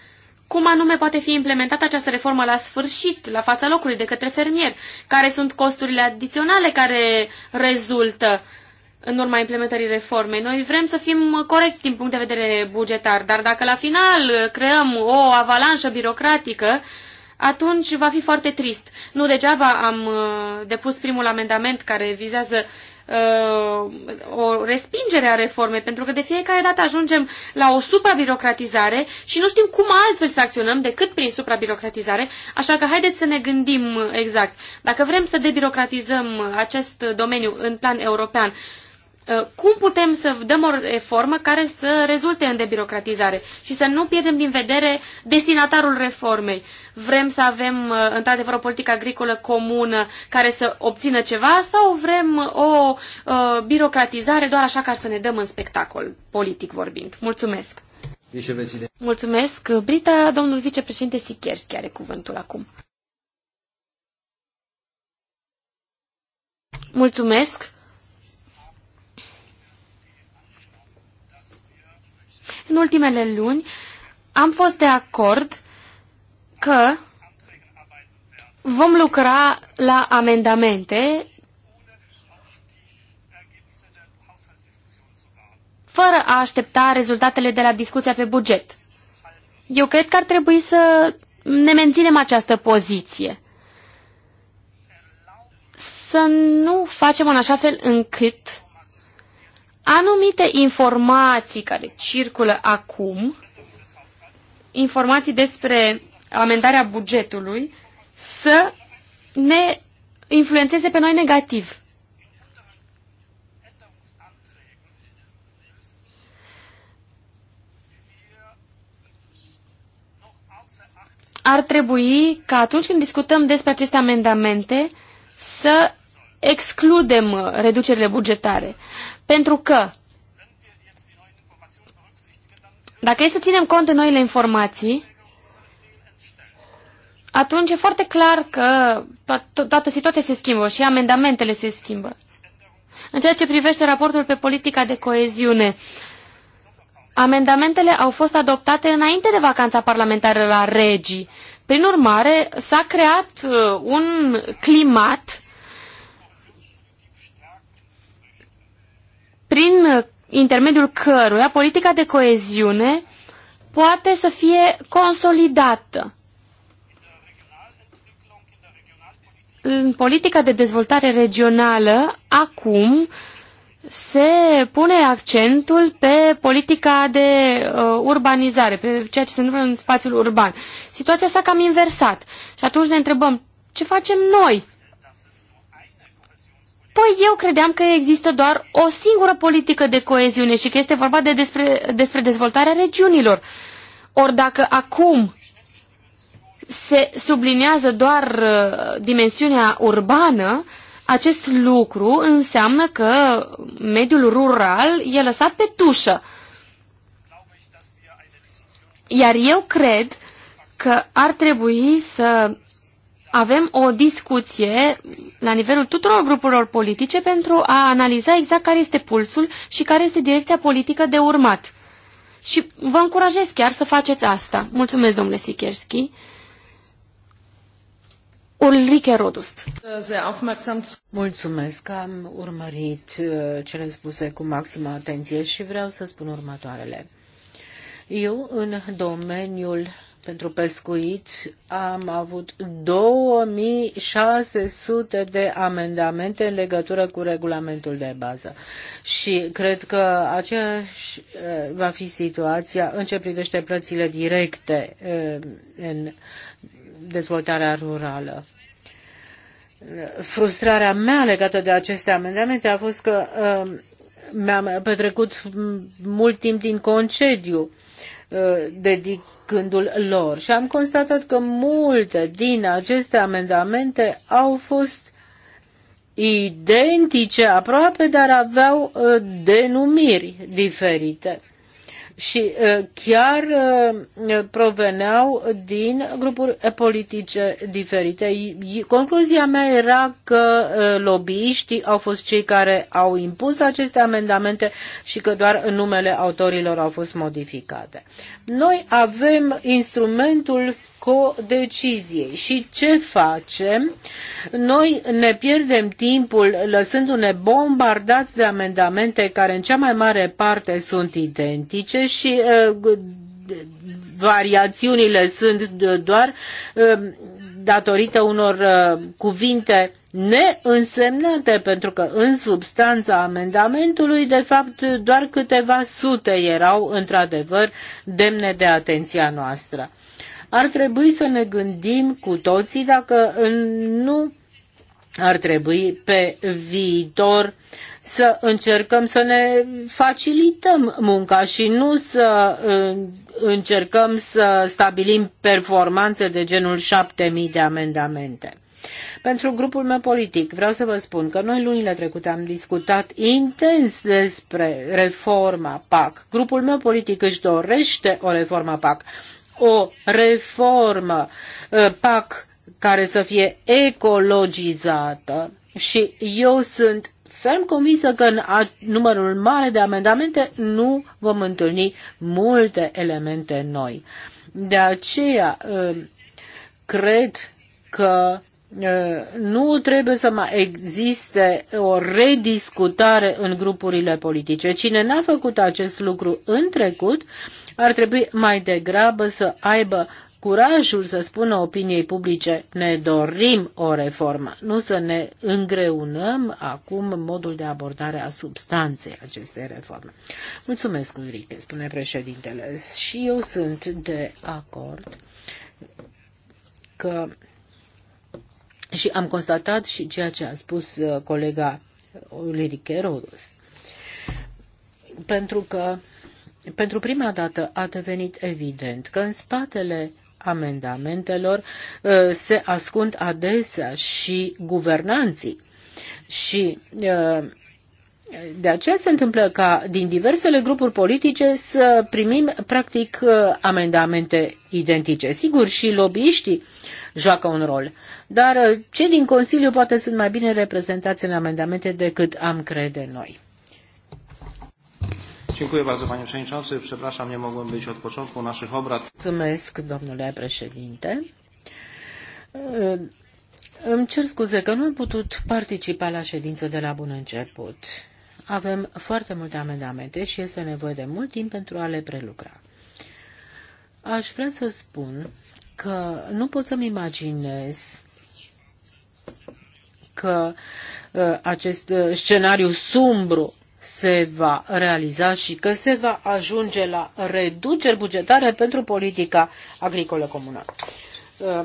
cum anume poate fi implementată această reformă la sfârșit, la fața locului, de către fermier, care sunt costurile adiționale care rezultă uh, în urma implementării reformei. Noi vrem să fim corecți din punct de vedere bugetar, dar dacă la final creăm o avalanșă birocratică, atunci va fi foarte trist. Nu degeaba am uh, depus primul amendament care vizează uh, o respingere a reformei, pentru că de fiecare dată ajungem la o suprabirocratizare și nu știm cum altfel să acționăm decât prin suprabirocratizare, așa că haideți să ne gândim exact. Dacă vrem să debirocratizăm acest domeniu în plan european, Uh, cum putem să dăm o reformă care să rezulte în debirocratizare și să nu pierdem din vedere destinatarul reformei. Vrem să avem, uh, într-adevăr, o politică agricolă comună care să obțină ceva sau vrem o uh, birocratizare doar așa ca să ne dăm în spectacol, politic vorbind? Mulțumesc! Vicepreședinte. Mulțumesc, Brita. Domnul vicepreședinte Sikierski are cuvântul acum. Mulțumesc! În ultimele luni am fost de acord că vom lucra la amendamente fără a aștepta rezultatele de la discuția pe buget. Eu cred că ar trebui să ne menținem această poziție. Să nu facem în așa fel încât anumite informații care circulă acum, informații despre amendarea bugetului, să ne influențeze pe noi negativ. Ar trebui ca atunci când discutăm despre aceste amendamente să excludem reducerile bugetare. Pentru că dacă e să ținem cont de noile informații, atunci e foarte clar că to toată situația se schimbă și amendamentele se schimbă. În ceea ce privește raportul pe politica de coeziune, amendamentele au fost adoptate înainte de vacanța parlamentară la regii. Prin urmare, s-a creat uh, un climat prin uh, intermediul căruia politica de coeziune poate să fie consolidată. În politica de dezvoltare regională, acum, se pune accentul pe politica de uh, urbanizare, pe ceea ce se întâmplă în spațiul urban. Situația s-a cam inversat. Și atunci ne întrebăm, ce facem noi Păi eu credeam că există doar o singură politică de coeziune și că este vorba de despre, despre dezvoltarea regiunilor. Ori dacă acum se sublinează doar uh, dimensiunea urbană, acest lucru înseamnă că mediul rural e lăsat pe tușă. Iar eu cred că ar trebui să avem o discuție la nivelul tuturor grupurilor politice pentru a analiza exact care este pulsul și care este direcția politică de urmat. Și vă încurajez chiar să faceți asta. Mulțumesc, domnule Sikerski. Ulrike Rodust. Mulțumesc, am urmărit uh, cele spuse cu maximă atenție și vreau să spun următoarele. Eu, în domeniul pentru pescuit am avut 2600 de amendamente în legătură cu regulamentul de bază. Și cred că aceeași eh, va fi situația în ce privește plățile directe eh, în dezvoltarea rurală frustrarea mea legată de aceste amendamente a fost că eh, mi-am petrecut mult timp din concediu Uh, dedicându-l lor. Și am constatat că multe din aceste amendamente au fost identice aproape, dar aveau uh, denumiri diferite și chiar proveneau din grupuri politice diferite. Concluzia mea era că lobbyiștii au fost cei care au impus aceste amendamente și că doar numele autorilor au fost modificate. Noi avem instrumentul codeciziei. Și ce facem? Noi ne pierdem timpul lăsându-ne bombardați de amendamente care în cea mai mare parte sunt identice și uh, variațiunile sunt doar uh, datorită unor uh, cuvinte neînsemnate, pentru că în substanța amendamentului, de fapt, doar câteva sute erau într-adevăr demne de atenția noastră. Ar trebui să ne gândim cu toții dacă nu ar trebui pe viitor să încercăm să ne facilităm munca și nu să uh, încercăm să stabilim performanțe de genul 7000 de amendamente. Pentru grupul meu politic vreau să vă spun că noi lunile trecute am discutat intens despre reforma PAC. Grupul meu politic își dorește o reformă PAC o reformă uh, PAC care să fie ecologizată și eu sunt ferm convinsă că în numărul mare de amendamente nu vom întâlni multe elemente noi. De aceea, uh, cred că uh, nu trebuie să mai existe o rediscutare în grupurile politice. Cine n-a făcut acest lucru în trecut ar trebui mai degrabă să aibă curajul să spună opiniei publice ne dorim o reformă, nu să ne îngreunăm acum modul de abordare a substanței acestei reforme. Mulțumesc, Ulrike, spune președintele. Și eu sunt de acord că și am constatat și ceea ce a spus uh, colega Ulrike Rodos. Pentru că pentru prima dată a devenit evident că în spatele amendamentelor uh, se ascund adesea și guvernanții. Și uh, de aceea se întâmplă ca din diversele grupuri politice să primim practic uh, amendamente identice. Sigur, și lobbyiștii joacă un rol, dar cei din Consiliu poate sunt mai bine reprezentați în amendamente decât am crede noi. Dziękuję bardzo, panie przewodniczący. Przepraszam, nie mogłem być od początku naszych obrad. Mulțumesc, domnule președinte. Îmi cer scuze că nu am putut participa la ședință de la bun început. Avem foarte multe amendamente și este nevoie de mult timp pentru a le prelucra. Aș vrea să spun că nu pot să-mi imaginez că uh, acest uh, scenariu sumbru se va realiza și că se va ajunge la reduceri bugetare pentru politica agricolă comună. Uh,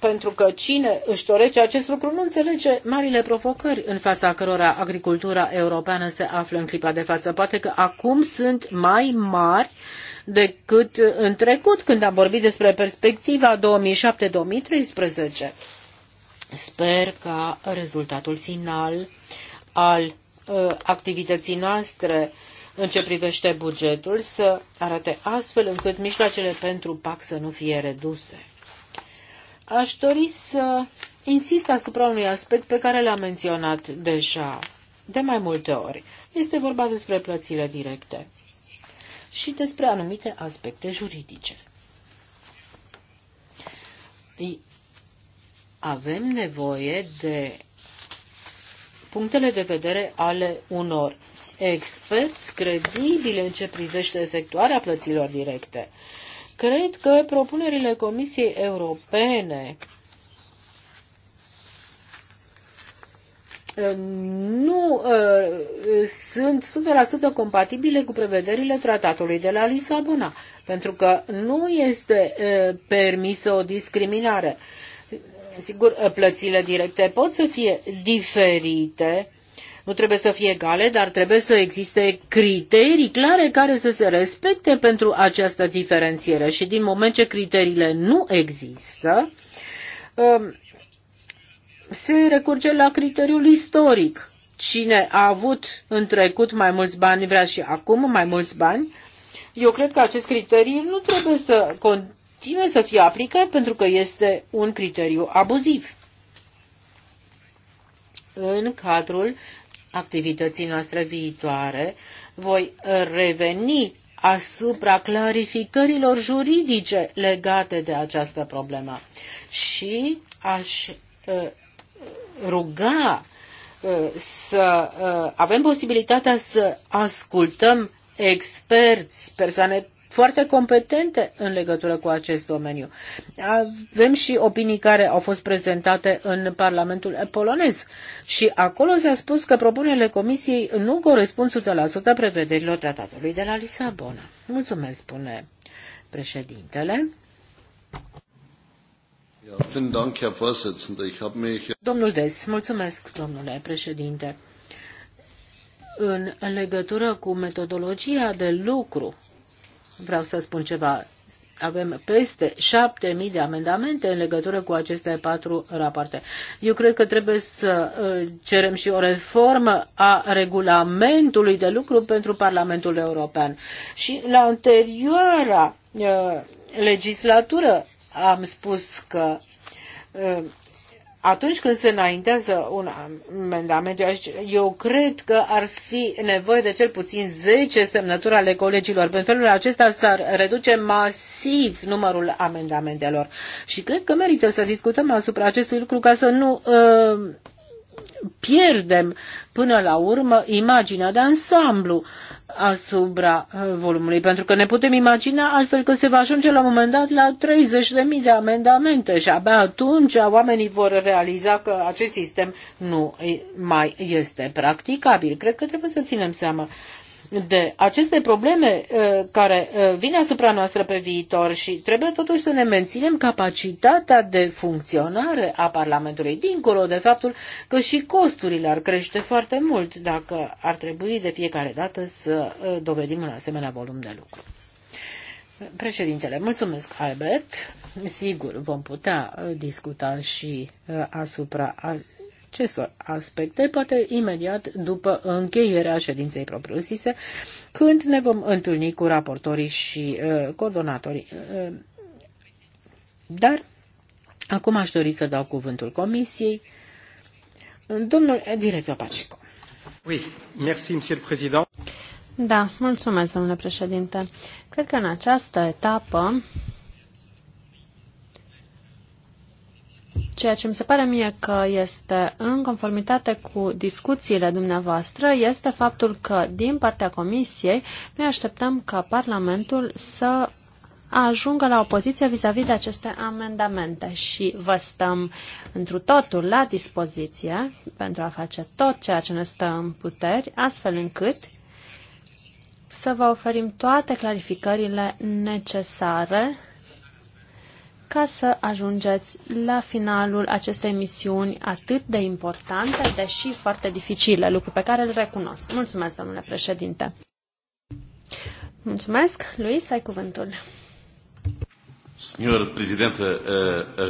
pentru că cine își dorește acest lucru nu înțelege marile provocări în fața cărora agricultura europeană se află în clipa de față. Poate că acum sunt mai mari decât în trecut când am vorbit despre perspectiva 2007-2013. Sper ca rezultatul final al Uh, activității noastre în ce privește bugetul să arate astfel încât mijloacele pentru PAC să nu fie reduse. Aș dori să insist asupra unui aspect pe care l-am menționat deja de mai multe ori. Este vorba despre plățile directe și despre anumite aspecte juridice. Avem nevoie de punctele de vedere ale unor experți credibile în ce privește efectuarea plăților directe. Cred că propunerile Comisiei Europene nu uh, sunt 100% compatibile cu prevederile tratatului de la Lisabona, pentru că nu este uh, permisă o discriminare. Sigur, uh, plățile directe pot să fie diferite, nu trebuie să fie egale, dar trebuie să existe criterii clare care să se respecte pentru această diferențiere. Și din moment ce criteriile nu există, um, se recurge la criteriul istoric. Cine a avut în trecut mai mulți bani vrea și acum mai mulți bani. Eu cred că acest criteriu nu trebuie să victime să fie aplică pentru că este un criteriu abuziv. În cadrul activității noastre viitoare, voi reveni asupra clarificărilor juridice legate de această problemă și aș uh, ruga uh, să uh, avem posibilitatea să ascultăm experți, persoane foarte competente în legătură cu acest domeniu. Avem și opinii care au fost prezentate în Parlamentul polonez și acolo s-a spus că propunerile Comisiei nu corespund 100% prevederilor tratatului de la Lisabona. Mulțumesc, spune președintele. Domnul Des, mulțumesc, domnule președinte. În legătură cu metodologia de lucru vreau să spun ceva. Avem peste șapte mii de amendamente în legătură cu aceste patru rapoarte. Eu cred că trebuie să uh, cerem și o reformă a regulamentului de lucru pentru Parlamentul European. Și la anterioara uh, legislatură am spus că uh, atunci când se înaintează un amendament, eu cred că ar fi nevoie de cel puțin 10 semnături ale colegilor. În felul acesta s-ar reduce masiv numărul amendamentelor. Și cred că merită să discutăm asupra acestui lucru ca să nu uh, pierdem până la urmă imaginea de ansamblu asupra uh, volumului, pentru că ne putem imagina altfel că se va ajunge la un moment dat la 30.000 de amendamente și abia atunci oamenii vor realiza că acest sistem nu mai este practicabil. Cred că trebuie să ținem seama de aceste probleme uh, care uh, vin asupra noastră pe viitor și trebuie totuși să ne menținem capacitatea de funcționare a Parlamentului, dincolo de faptul că și costurile ar crește foarte mult dacă ar trebui de fiecare dată să uh, dovedim un asemenea volum de lucru. Președintele, mulțumesc, Albert. Sigur, vom putea discuta și asupra acestor aspecte, poate imediat după încheierea ședinței propriu-zise, când ne vom întâlni cu raportorii și uh, coordonatorii. Uh, dar acum aș dori să dau cuvântul comisiei. Domnul director Pacico. Oui, merci, monsieur le président. Da, mulțumesc, domnule președinte. Cred că în această etapă Ceea ce mi se pare mie că este în conformitate cu discuțiile dumneavoastră este faptul că, din partea Comisiei, ne așteptăm ca Parlamentul să ajungă la o poziție vis-a-vis -vis de aceste amendamente și vă stăm întru totul la dispoziție pentru a face tot ceea ce ne stă în puteri, astfel încât să vă oferim toate clarificările necesare ca să ajungeți la finalul acestei misiuni atât de importante, deși foarte dificile, lucru pe care îl recunosc. Mulțumesc, domnule președinte. Mulțumesc. Luis, ai cuvântul. Senor președinte,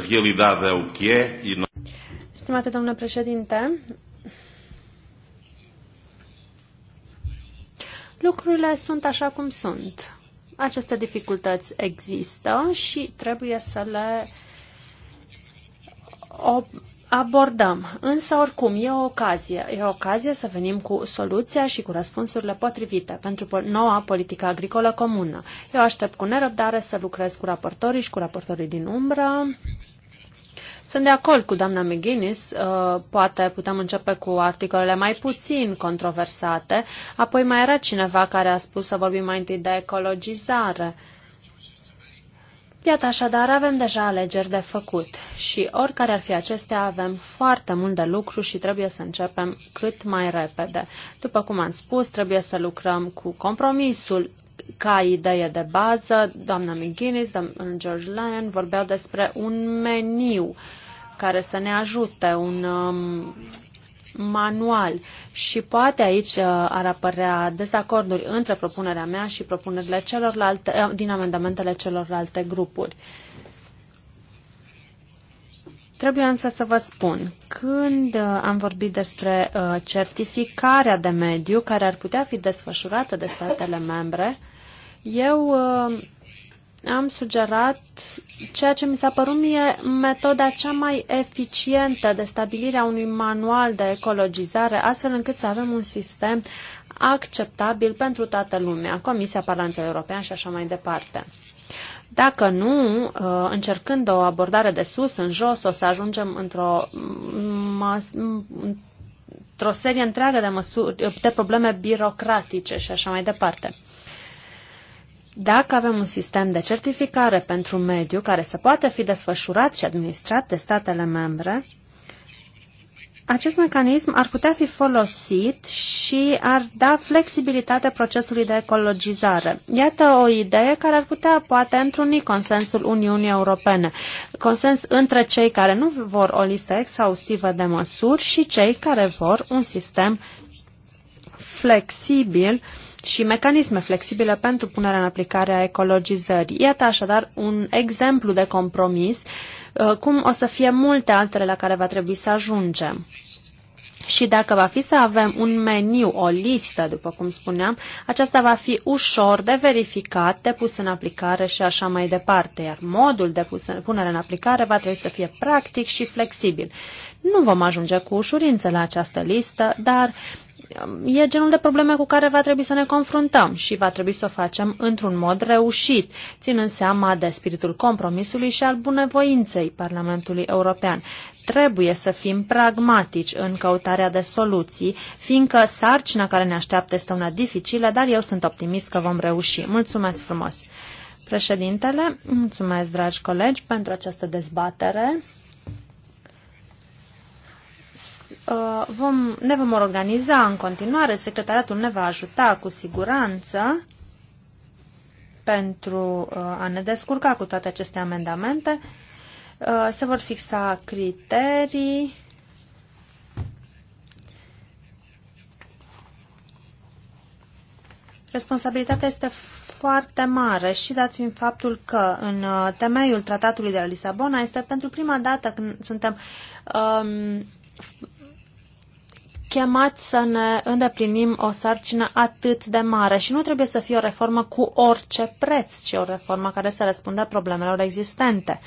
realitatea o e Stimate domnule președinte, lucrurile sunt așa cum sunt. Aceste dificultăți există și trebuie să le abordăm. Însă, oricum, e o ocazie. E o ocazie să venim cu soluția și cu răspunsurile potrivite pentru noua politică agricolă comună. Eu aștept cu nerăbdare să lucrez cu raportorii și cu raportorii din umbră sunt de acord cu doamna McGuinness, uh, poate putem începe cu articolele mai puțin controversate, apoi mai era cineva care a spus să vorbim mai întâi de ecologizare. Iată, așadar, avem deja alegeri de făcut și oricare ar fi acestea, avem foarte mult de lucru și trebuie să începem cât mai repede. După cum am spus, trebuie să lucrăm cu compromisul ca idee de bază, doamna McGuinness, domnul George Lyon vorbeau despre un meniu care să ne ajute, un um, manual. Și poate aici uh, ar apărea dezacorduri între propunerea mea și propunerile celorlalte, uh, din amendamentele celorlalte grupuri. Trebuie însă să vă spun, când uh, am vorbit despre uh, certificarea de mediu care ar putea fi desfășurată de statele membre, eu uh, am sugerat ceea ce mi s-a părut mie metoda cea mai eficientă de stabilire a unui manual de ecologizare, astfel încât să avem un sistem acceptabil pentru toată lumea, Comisia Parlamentului European și așa mai departe. Dacă nu, uh, încercând o abordare de sus în jos, o să ajungem într-o mm, mm, într-o serie întreagă de, măsuri, de probleme birocratice și așa mai departe. Dacă avem un sistem de certificare pentru mediu care să poată fi desfășurat și administrat de statele membre, acest mecanism ar putea fi folosit și ar da flexibilitate procesului de ecologizare. Iată o idee care ar putea poate întruni consensul Uniunii Europene, consens între cei care nu vor o listă exhaustivă de măsuri și cei care vor un sistem flexibil uh, și mecanisme flexibile pentru punerea în aplicare a ecologizării. Iată așadar un exemplu de compromis, uh, cum o să fie multe altele la care va trebui să ajungem. Și dacă va fi să avem un meniu, o listă, după cum spuneam, aceasta va fi ușor de verificat, de pus în aplicare și așa mai departe, iar modul de pus în, punere în aplicare va trebui să fie practic și flexibil. Nu vom ajunge cu ușurință la această listă, dar e genul de probleme cu care va trebui să ne confruntăm și va trebui să o facem într-un mod reușit, ținând seama de spiritul compromisului și al bunăvoinței Parlamentului European. Trebuie să fim pragmatici în căutarea de soluții, fiindcă sarcina care ne așteaptă este una dificilă, dar eu sunt optimist că vom reuși. Mulțumesc frumos! Președintele, mulțumesc, dragi colegi, pentru această dezbatere. Uh, vom, ne vom organiza în continuare, secretariatul ne va ajuta cu siguranță pentru uh, a ne descurca cu toate aceste amendamente. Uh, se vor fixa criterii. Responsabilitatea este foarte mare și dat fiind faptul că în temeiul tratatului de la Lisabona este pentru prima dată când suntem um, chemați să ne îndeplinim o sarcină atât de mare și nu trebuie să fie o reformă cu orice preț, ci o reformă care să răspundă problemelor existente.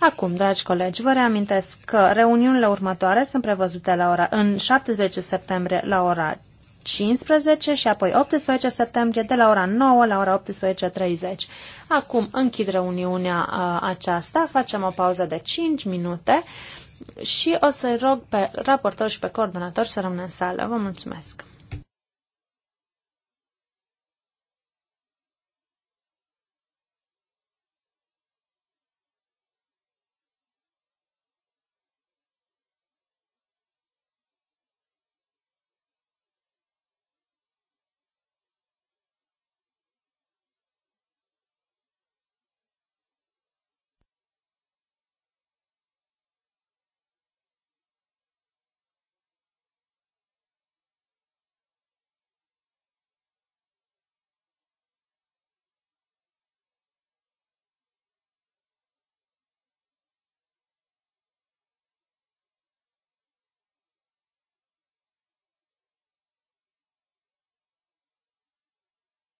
Acum, dragi colegi, vă reamintesc că reuniunile următoare sunt prevăzute la ora, în 17 septembrie la ora 15 și apoi 18 septembrie de la ora 9 la ora 18.30. Acum închid reuniunea uh, aceasta, facem o pauză de 5 minute și o să-i rog pe raportor și pe coordonator să rămână în sală. Vă mulțumesc!